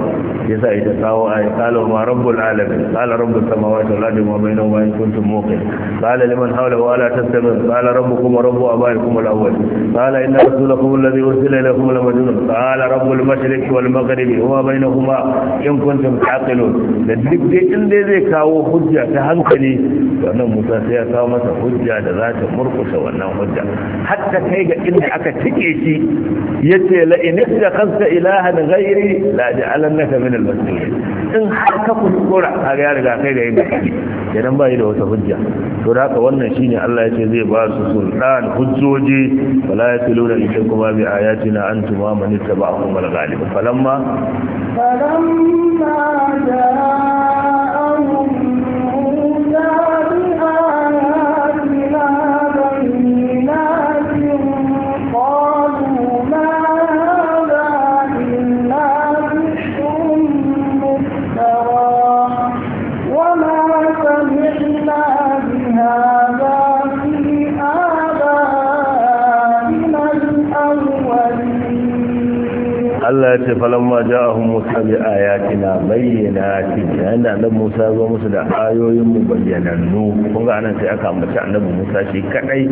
yasa ita kawo a kala ma rabbul alamin qala rabbus samawati wal ardi wa bainahuma in kuntun muqin Kala liman wa ala tastami'u qala rabbukum kuma rabbu kala ina da qala kuma rasulakum wasu ursila da kuma majnun Kala rabbul mashriq wal maghrib wa kuma in kuntun taqilun da duk dai in dai zai kawo hujja ta hankali wannan musa sai ya kawo masa hujja da za ta murkusa wannan hujja hatta kai ga inda aka tike shi ciki yace la in ittakhadta ilahan ghairi la ja'alannaka min al-muslimin in har ka kuskura har ya riga kai da yin kake idan bai da wata hujja to da haka wannan shine Allah ce zai ba su sultan hujjoji wala ita kuma bi an tuma wa man ba a kuma falamma falamma Allah ya ce falamma ja'ahum Musa bi ayatina bayyinati yayin da Musa zo musu da ayoyin mu bayyanannu kun ga anan sai aka ambaci Annabi Musa shi kadai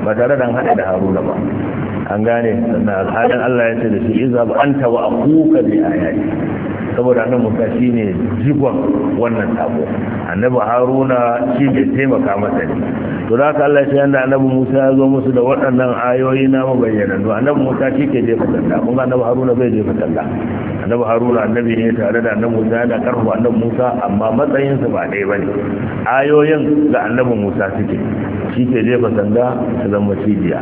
ba tare da hada da Haruna ba an gane sannan halin Allah ya ce da shi izab anta wa akuka bi ayati saboda annabi musa ne jigon wannan tabo annabi haruna shi ne taimaka masa ne to da Allah ya yanda annabi musa ya zo musu da waɗannan ayoyi na mabayyana annabi musa shi ke jefa sanda kuma annabi haruna bai jefa sallah annabi haruna annabi ne tare da annabi musa yana karfa annabi musa amma matsayinsa ba ɗaya ba ne ayoyin ga annabi musa suke shi ke jefa sanda ta zama cibiya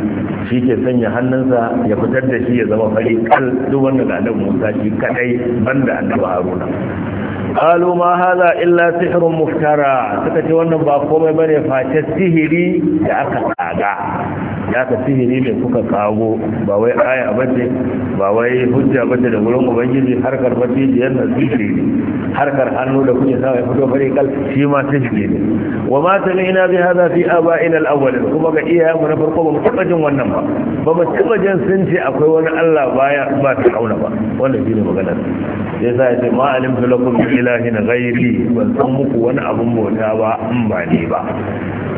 shi ke sanya hannunsa ya fitar da shi ya zama fari kal duk wanda da annabi musa shi kadai banda annabi haruna qalu ma hadha illa sihrun muftara suka ce wannan ba komai bane face sihiri da aka tsaga ya ka sihiri ne kuka kago ba wai aya bace ba wai hujja bace da gurin ubangiji harkar bace da yan harkar hannu da kuke sa mai fito fare kal shi ma shige ne wa ma ina bi hadha fi aba'ina al-awwal kuma ga iyayen mu na farko ba mu taba jin wannan ba ba mu taba jin sun ce akwai wani Allah baya ba ta kauna ba wannan ne maganar Sai ya ce ma alimtu lakum ilahi na ghairi ban san muku wani abun bauta ba in ba ne ba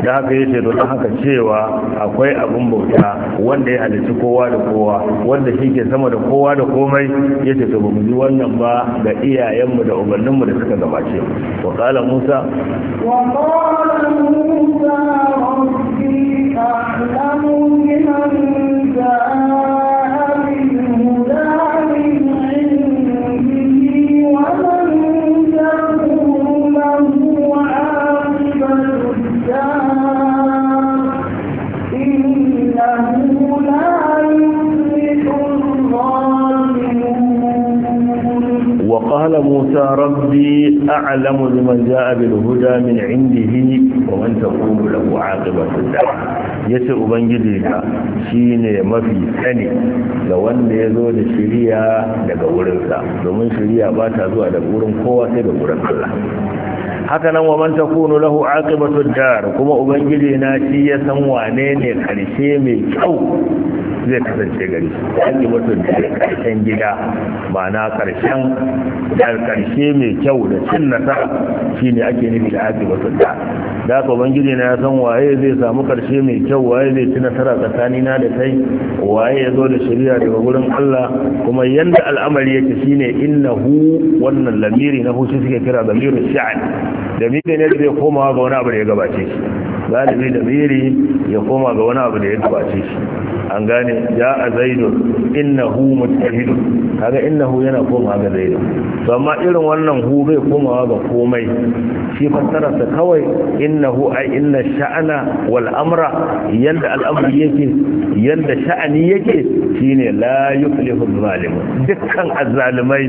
da haka yace ta haka cewa akwai abun bauta wanda ya halicci kowa da kowa wanda shi ke sama da kowa da komai yace to ba mu ji wannan ba ga iyayenmu da ubanni manzanninmu da suka gabace wa qala musa wa qala musa rabbi a'lamu biman musa قال موسى ربي أعلم لمن جاء بالهدى من عنده ومن تقول له عاقبة الدعوة yace ubangiji ka shine mafi sani ga wanda ya zo da shiriya daga wurin wurinsa domin shiriya ba ta zuwa daga wurin kowa sai da wurin Allah haka nan wa man takunu lahu aqibatu dar kuma ubangiji na shi ya san wane ne karshe mai kyau zai kasance gari an yi mutum da karshen gida ba na karshen karshe mai kyau da cin nasara shine ake nufi da ake mutum da da ka ubangiji na ya san waye zai samu karshe mai kyau waye zai ci nasara tsakanina da kai waye ya zo da shari'a daga gurin Allah kuma yanda al'amari yake shine innahu wannan lamiri na hushi suke kira lamirin da lamiri ne zai komawa ga wani abu da ya gabace shi galibi lamiri ya koma ga wani abu da ya gabace shi an gane ya a zaidun innahu mutahidu kaga innahu yana komawa ga zaidu to amma irin wannan hu bai komawa ga komai shi ta kawai innahu ai inna sha'ana wal amra yanda amri yake yanda sha'ani yake shine la yuflihu zalimun dukkan azzalimai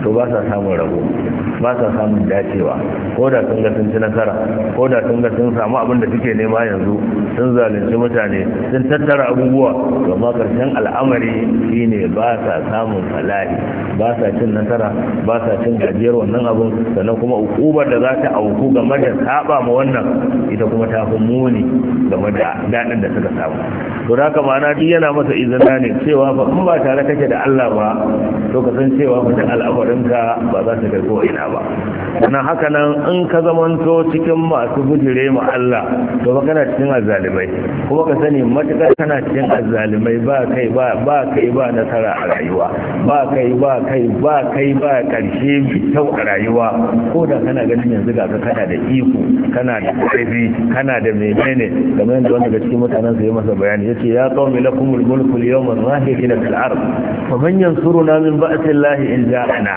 to ba sa samun rabo ba sa samun dacewa ko da sun ga sun ci nasara ko da sun ga sun samu abin da suke nema yanzu sun zalunci mutane sun tattara abubuwa amma karshen al'amari shine ba sa samun falahi ba sa cin nasara ba sa cin gajiyar wannan abin sannan kuma ukubar da za ta auku game da saba ma wannan ita kuma ta fi muni game da daɗin da suka samu to da ma'ana duk yana masa izina ne cewa ba in ba tare kake da Allah ba to ka san cewa mutum al'amarinka ba za ta kai ko ina ba ba na haka nan in ka zamanto cikin masu bujire ma Allah to ba kana cikin azzalimai kuma ka sani matukar kana cikin azzalimai ba kai ba ba kai ba nasara a rayuwa ba kai ba kai ba kai ba karshe mai kyau a rayuwa ko da kana ganin yanzu ga ka kana da iko kana da ƙarfi kana da menene kamar yadda wanda cikin mutanen sa ya masa bayani yace ya qaumi lakumul mulku al-yawma zahirina fil ard man yansuruna min ba'thi in ja'ana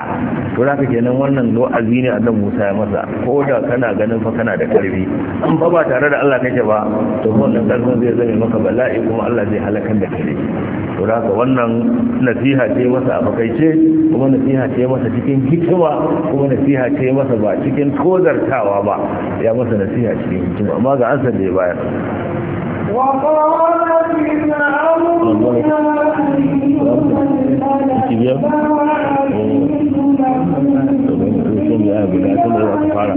to za kenan wannan wa'azi ne annan musa ya masa ko da kana ganin fa kana da karfi an fa ba tare da allah kake ba to wannan karfin zai zame maka bala'i kuma allah zai halakar da kare to za ka wannan nasiha ce masa a fakaice kuma nasiha ce masa cikin hikima kuma nasiha ce masa ba cikin kozartawa ba ya masa nasiha cikin hikima amma ga an san da ya bayar وقال فرعون يا أيها الملأ domin sun yi guda sun da fara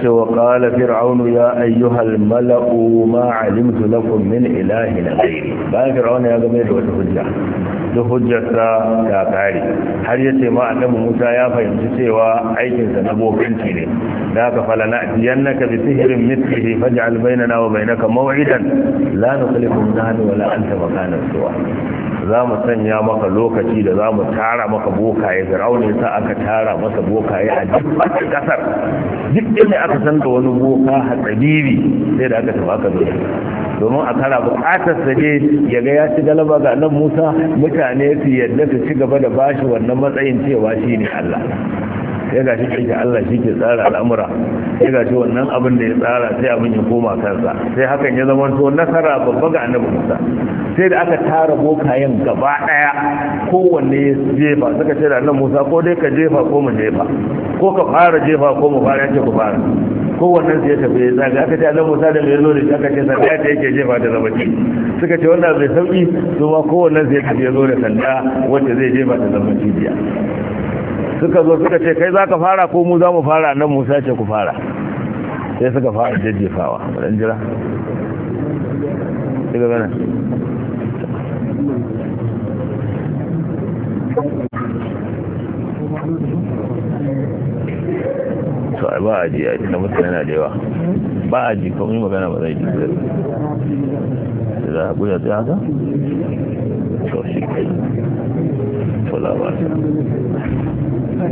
ce wa qala fir'aunu ya ayyuhal mala'u ma alimtu lakum min ilahin bayan fir'auna ya game da wata hujja da hujjarsa ta kare har yace ma annabi Musa ya fahimci cewa aikinsa na bokanci ne da ka fala na yannaka bi sihrin mithlihi faj'al bainana wa bainaka maw'idan la nukhlifu nahnu wala anta makana suwa za mu sanya maka lokaci da za mu tara maka bokaye firauni sa aka tara masa bokaye a dukkan kasar duk inda aka san da wani boka tsabibi sai da aka tafi aka zo domin a kara bukatar sa ne ya ga ya ci galaba ga nan Musa mutane su yadda su ci gaba da bashi wannan matsayin cewa shine Allah sai ga shi Allah shi ke tsara al'amura sai ga wannan abin da ya tsara sai abin ya koma kansa sai hakan ya zama to nasara babba ga annabi Musa sai da aka tara bokayen gaba daya kowanne ya jefa suka ce da annabi Musa ko dai ka jefa ko mu jefa ko ka fara jefa ko mu fara ce ku fara kowannen sai ya tafi ya tsaga aka ce annabi Musa da mai zo da shi aka ce sanda ta yake jefa da zabaci suka ce wannan bai sauki su ma kowannen sai ya tafi ya zo da sanda wacce zai jefa da zabaci biya suka zo suka ce kai za ka fara ko mu za mu fara nan musa ce ku fara sai suka fara jajjefawa ɗan jira daga gana to ai ba a ji a na mutane na da yawa ba a ji kawai magana ba zai ji da za a guda ta haka to shi kai to labarai shi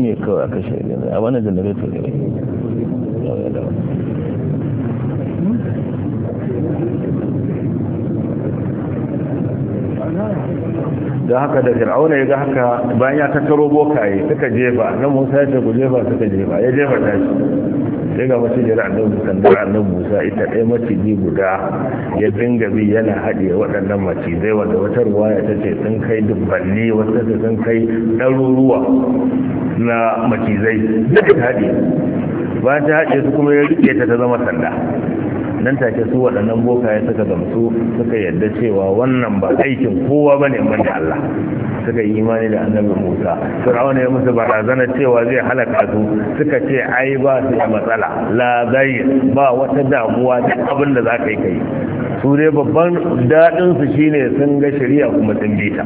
ne kawai a kashe a wannan janareto da Thank hmm? da haka da fir'auna ya ga haka bayan ya tattaro bokaye suka jefa na musa ya ce ku jefa suka jefa ya jefa tashi sai ga macijiyar annabi sandar annabi musa ita ɗaya maciji guda ya dinga bi yana haɗe waɗannan macizai wanda wata ruwaya ta ce sun kai dubbanni wata ce sun kai ɗaruruwa na macizai duka ta haɗe bayan ta haɗe su kuma ya riƙe ta ta zama sanda nan take su waɗannan bokaye suka gamsu suka yadda cewa wannan ba aikin kowa ba ne da Allah suka yi imani da annabi Musa Fir'auna ya musu barazana cewa zai halaka su suka ce ai ba su da matsala la zai ba wata damuwa duk abin da za ka yi kai su dai babban daɗinsu shine sun ga shari'a kuma sun bi ta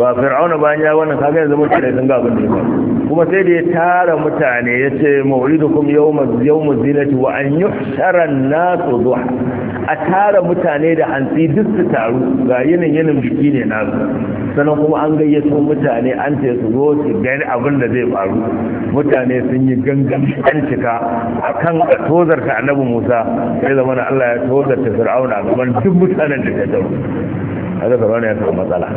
ba fir'auna bayan ya wannan kaga yanzu mutane sun ga abin da kuma sai da ya tara mutane ya ce yawma yawma zinati wa an yuhshara an-nasu duha a tara mutane da hantsi duk su taru ga yinin yinin biki ne nasu sanan kuma an gayyato mutane an ce su zo su gani abin da zai faru mutane sun yi gangan an cika akan a tozarta annabi Musa sai zamana Allah ya tozarta Fir'auna gaban duk mutanen da ta taru haka ne ya samu matsala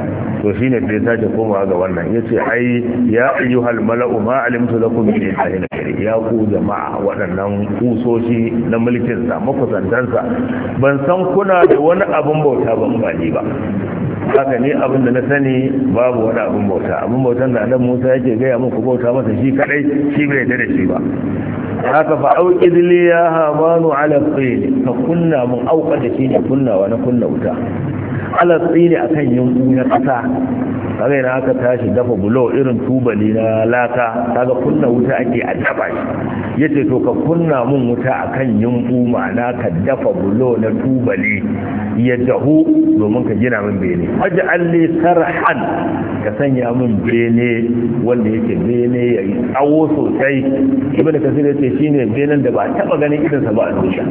to shine da ya sake komawa ga wannan yace ai ya ayyuhal mala'u ma alimtu lakum min ilahin ya ku jama'a waɗannan kusoshi na mulkin sa makusantansa ban san kuna da wani abun bauta ban ba ni ba haka ne abin da na sani babu wani abin bauta abin bautan da annabi Musa yake gaya muku bauta masa shi kadai shi bai da shi ba haka fa auqid li ya hamanu ala tsini fa kunna mun auqada shi ne wa na kunna wuta ala a akan yunku na kasa kaga yana aka tashi dafa bulo irin tubali na laka kaga kunna wuta ake a dafa shi yace to ka kunna mun wuta akan yunku ma'ana ka dafa bulo na tubali ya dahu domin ka gina min bene waj'al alli sarhan ka sanya min bene wanda yake bene ya yi tsawo sosai ibnu kasir yace shine benin da ba taba ganin irinsa ba a duniya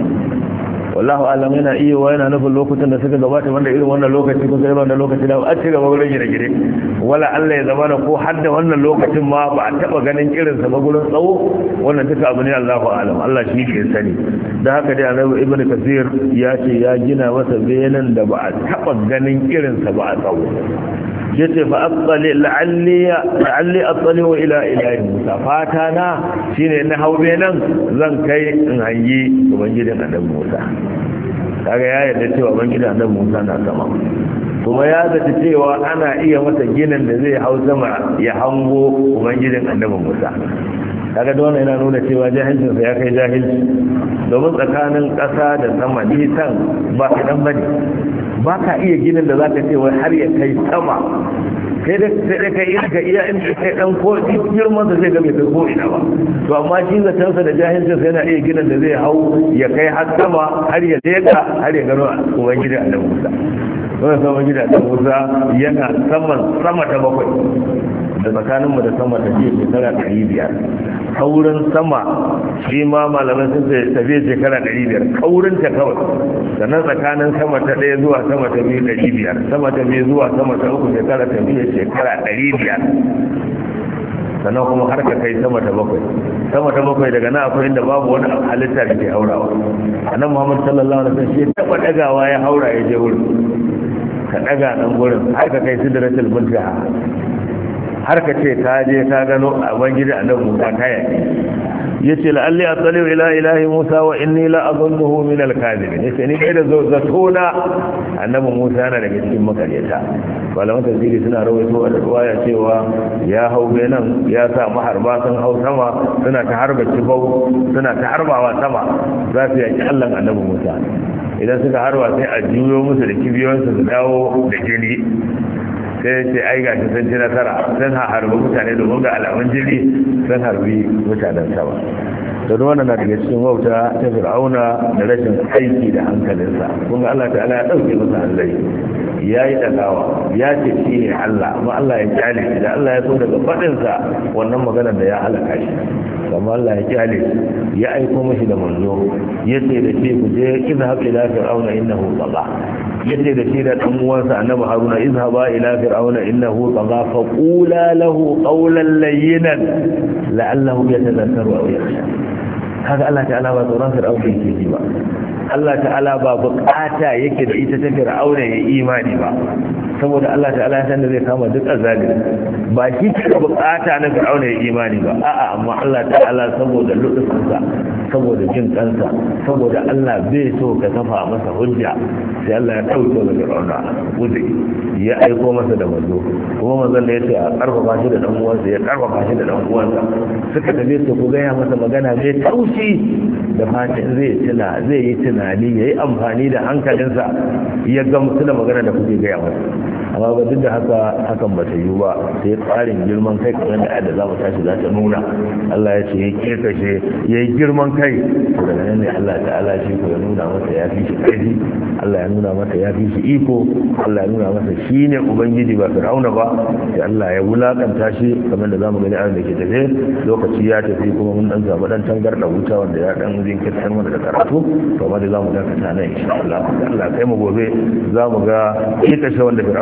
wallahu alam yana iya wa yana nufin lokutan da suka gabata wanda irin wannan lokaci ko sai wannan lokaci da a ci wurin gire wala Allah ya zama da ko har da wannan lokacin ma ba a taba ganin irin sa ba gurin tsawo wannan duka abu ne Allahu alam Allah shi ke sani dan haka dai Annabi Ibn Kathir ya ce ya gina masa benen da ba a taba ganin irin sa ba a tsawo yace fa afdal la'alli la'alli atli wa ila ilahi musa fata na shine na haube nan zan kai in hangi ubangijin annabi musa kaga ya yarda cewa ban gida musa na sama kuma ya zata cewa ana iya masa ginin da zai hau sama ya hango ubangijin annabi musa daga dole yana nuna cewa jahilcin ya kai jahilci domin tsakanin ƙasa da sama nisan ba kaɗan ba ne ba ka iya ginin da za ka ce wai har ya kai sama sai da sai da kai ka iya in kai dan ko girman sa zai ga mai ko ina ba to amma shi da sa da jahilcin sa yana iya ginin da zai hau ya kai har sama har ya leka har ya gano gidan annabi Musa wannan sama gida da Musa yana saman sama ta bakwai da tsakaninmu da sama ta ce shekara ɗari biyar kaurin sama shi ma malamai sun sai tafiye shekara ɗari biyar kaurin ta kawai sannan tsakanin sama ta ɗaya zuwa sama ta biyu ɗari biyar sama ta biyu zuwa sama ta uku shekara ta biyu shekara ɗari biyar sannan kuma har ka kai sama ta bakwai sama ta bakwai daga nan akwai inda babu wani halitta da ke haurawa annan muhammad sallallahu alaihi wasallam shi taba dagawa ya haura ya je wurin ka daga nan gurin har ka kai sidratul muntaha har ka ce ka je ka gano a bangida a nan musa kaya ya ce la'alli a tsalewa ila ilahi musa wa inni la'azon nuhu min alkazini ya ce ni kai da zato na annabi musa yana daga cikin makaryata malaman tasiri suna rawaito a ruwaya cewa ya hau nan ya sa maharba sun hau sama suna ta harba kifau suna ta harbawa sama za su yaki allan annabi musa idan suka harba sai a juyo musu da kibiyoyinsu su dawo da jini sai ce ai ga sun ci nasara sun harbi mutane domin ga alamun jiri sun harbi mutanen sama da wannan na daga cikin wauta ta fir'auna da rashin aiki da hankalinsa kun Allah ta'ala ya dauke masa hanzari ya yi dagawa ya ce shi ne Allah amma Allah ya kyale shi da Allah ya so daga faɗinsa wannan maganar da ya halaka shi amma Allah ya kyale ya aiko mashi da manzo ya ce da shi ku je izhab ila fir'auna innahu tagha ya ce da shi da dan uwansa annabi haruna izhaba ila fir'auna innahu tagha fa qula lahu qawlan layyinan la'allahu yatadhakkaru aw yakhsha kaga Allah ta'ala ba tsoron fir'auna yake ji ba Allah ta'ala ba bukata yake da ita ta fir'auna ya imani ba saboda Allah ta'ala ya sanda zai kama duk azabi ba shi ke bukata na fir'auna ya imani ba a'a amma Allah ta'ala saboda lutsunsa saboda jin kansa saboda Allah bai so ka kafa masa hujja sai Allah ya dauke da fir'auna gudu ya aiko masa da mazo. kuma manzon da yace a karfafa shi da dan uwansa ya karfafa shi da dan uwansa suka tabe su ku gaya masa magana mai tausi da fatan zai tuna zai yi tunani yayi amfani da hankalinsa ya gamsu da magana da kuke gaya masa amma ba duk da haka hakan ba ta yi ba sai tsarin girman kai kamar da da za mu tashi za ta nuna Allah ya ce ya kirkashe ya yi girman kai daga nan ne Allah ta'ala shi ko ya nuna masa ya fi shi ƙarfi Allah ya nuna masa ya fi shi iko Allah ya nuna masa shi ne ubangiji ba fir'auna ba sai Allah ya wulakanta shi kamar da zamu gani a da ke tafe lokaci ya tafi kuma mun dan samu dan tangarda wuta wanda ya dan jinkirtar wanda da karatu to ba da zamu dakata nan insha Allah Allah kai mu gobe zamu ga shi wanda fir'auna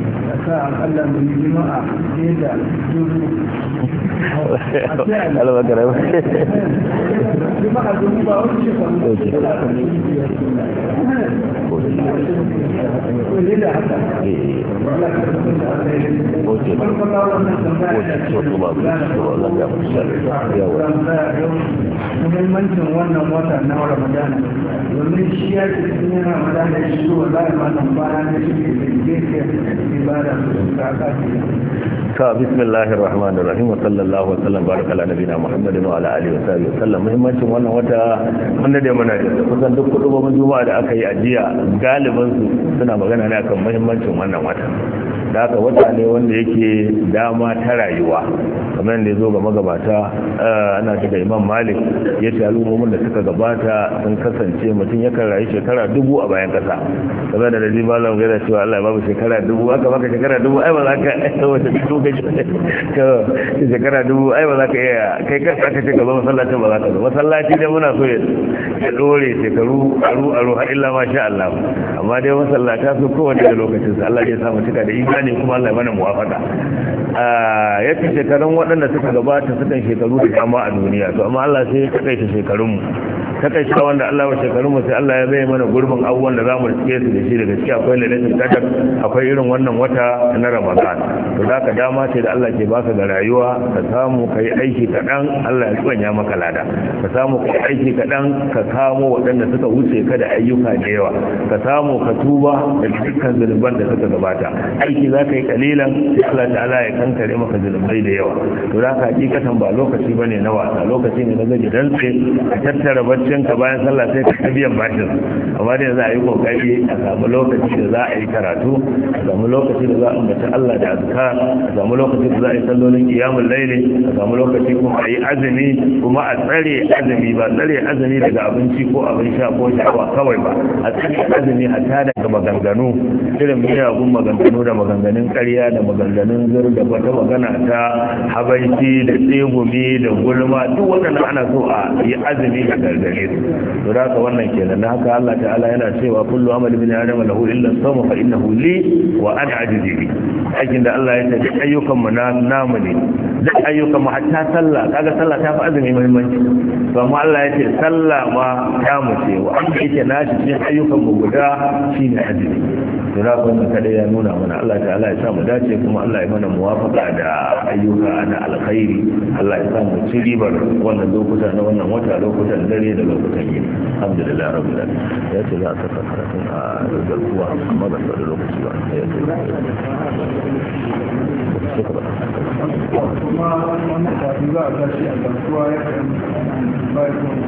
a sa akalla mai jima'a fiye da dubu alba kare ba jima'a dubu ba wani shekaru da ke da muhimmancin wannan wata na ramadana domin shi ya ke cikin ramadana shi zuwa zai ma tambara na shi ke da ke ke ba ta bismillahir rahmanir rahim wa sallallahu alaihi sallam baraka ala nabina muhammadin wa ala alihi wa sahbihi sallam muhimmancin wannan wata wanda da muna da kusan duk kudu babban juma'a da aka yi ajiya galiban su suna magana ne akan muhimmancin wannan wata da aka wata ne wanda yake dama ta rayuwa kamar da ya zo ga magabata eh, ana shiga imam malik ya ce al'ummomin da suka gabata sun kasance mutum yakan rayu shekara dubu a bayan kasa kamar da da jimalan gaza cewa allah ya babu shekara dubu aka Ka shekara dubu ai ba za ka <laughs> wata dubu ka shekara dubu ai ba za ka iya kai kan aka ce ka zo masallacin ba za ka zo masallaci dai muna so ya dore shekaru aru aru har illa ma sha Allah amma dai ta su kowace da lokacin su Allah ya samu cika da imani kuma Allah ya mana muwafaka ya fi shekarun waɗanda suka gabata sukan shekaru da dama a duniya to amma Allah sai ya shekarun mu. takaita wanda Allah wa mu sai Allah ya bai mana gurbin abubuwan da zamu rike su da shi daga ciki akwai lalatin kadar akwai irin wannan wata na Ramadan to zaka dama ce da Allah ke baka ga rayuwa ka samu kai aiki kadan Allah ya tsanya maka lada ka samu kai aiki kadan ka kamo waɗanda suka wuce ka da ayyuka da yawa ka samu ka tuba da dukkan zulubban da suka gabata aiki zaka yi kalilan sai Allah ta'ala ya kankare maka zulubai da yawa to zaka hakikatan ba lokaci bane na wasa lokaci ne na gaji dantse ka tattara bacci ka bayan sallah sai ka biyan bashin amma da za a yi kokari a samu lokaci da za a yi karatu a samu lokaci da za a ambaci Allah da azkar a samu lokaci da za a yi sallolin qiyamul layli a samu lokaci kuma a yi azumi kuma a tsare azumi ba tsare azumi daga abinci ko abin sha ko sha'awa kawai ba a tsare azumi a tada ga maganganu irin miyagun maganganu da maganganun ƙarya da maganganun zur da wata magana ta habanci da tsegumi da gulma duk waɗannan ana so a yi azumi da gargare gare su to da wannan kenan na haka Allah ta'ala yana cewa kullu amali bin adam lahu illa sawm fa innahu li wa ana ajizi bi aikin da Allah ya ce duk ayyukan mu na namu ne duk ayyukan mu hatta sallah kaga sallah ta fi azumi muhimmanci to amma Allah ya ce sallah ma ta mu wa an yake na cikin ayyukan mu guda shine ajizi to da wannan kada ya nuna mana Allah ta'ala ya sa mu dace kuma Allah ya mana muwafaqa da ayyuka ana alkhairi Allah ya sa mu ci ribar wannan lokuta na wannan wata lokutan dare da wal mutallin alhamdulillah rabbil alamin ya ce za a saka karatun a garkuwa amma ba da lokaci ba ya ce a a garkuwa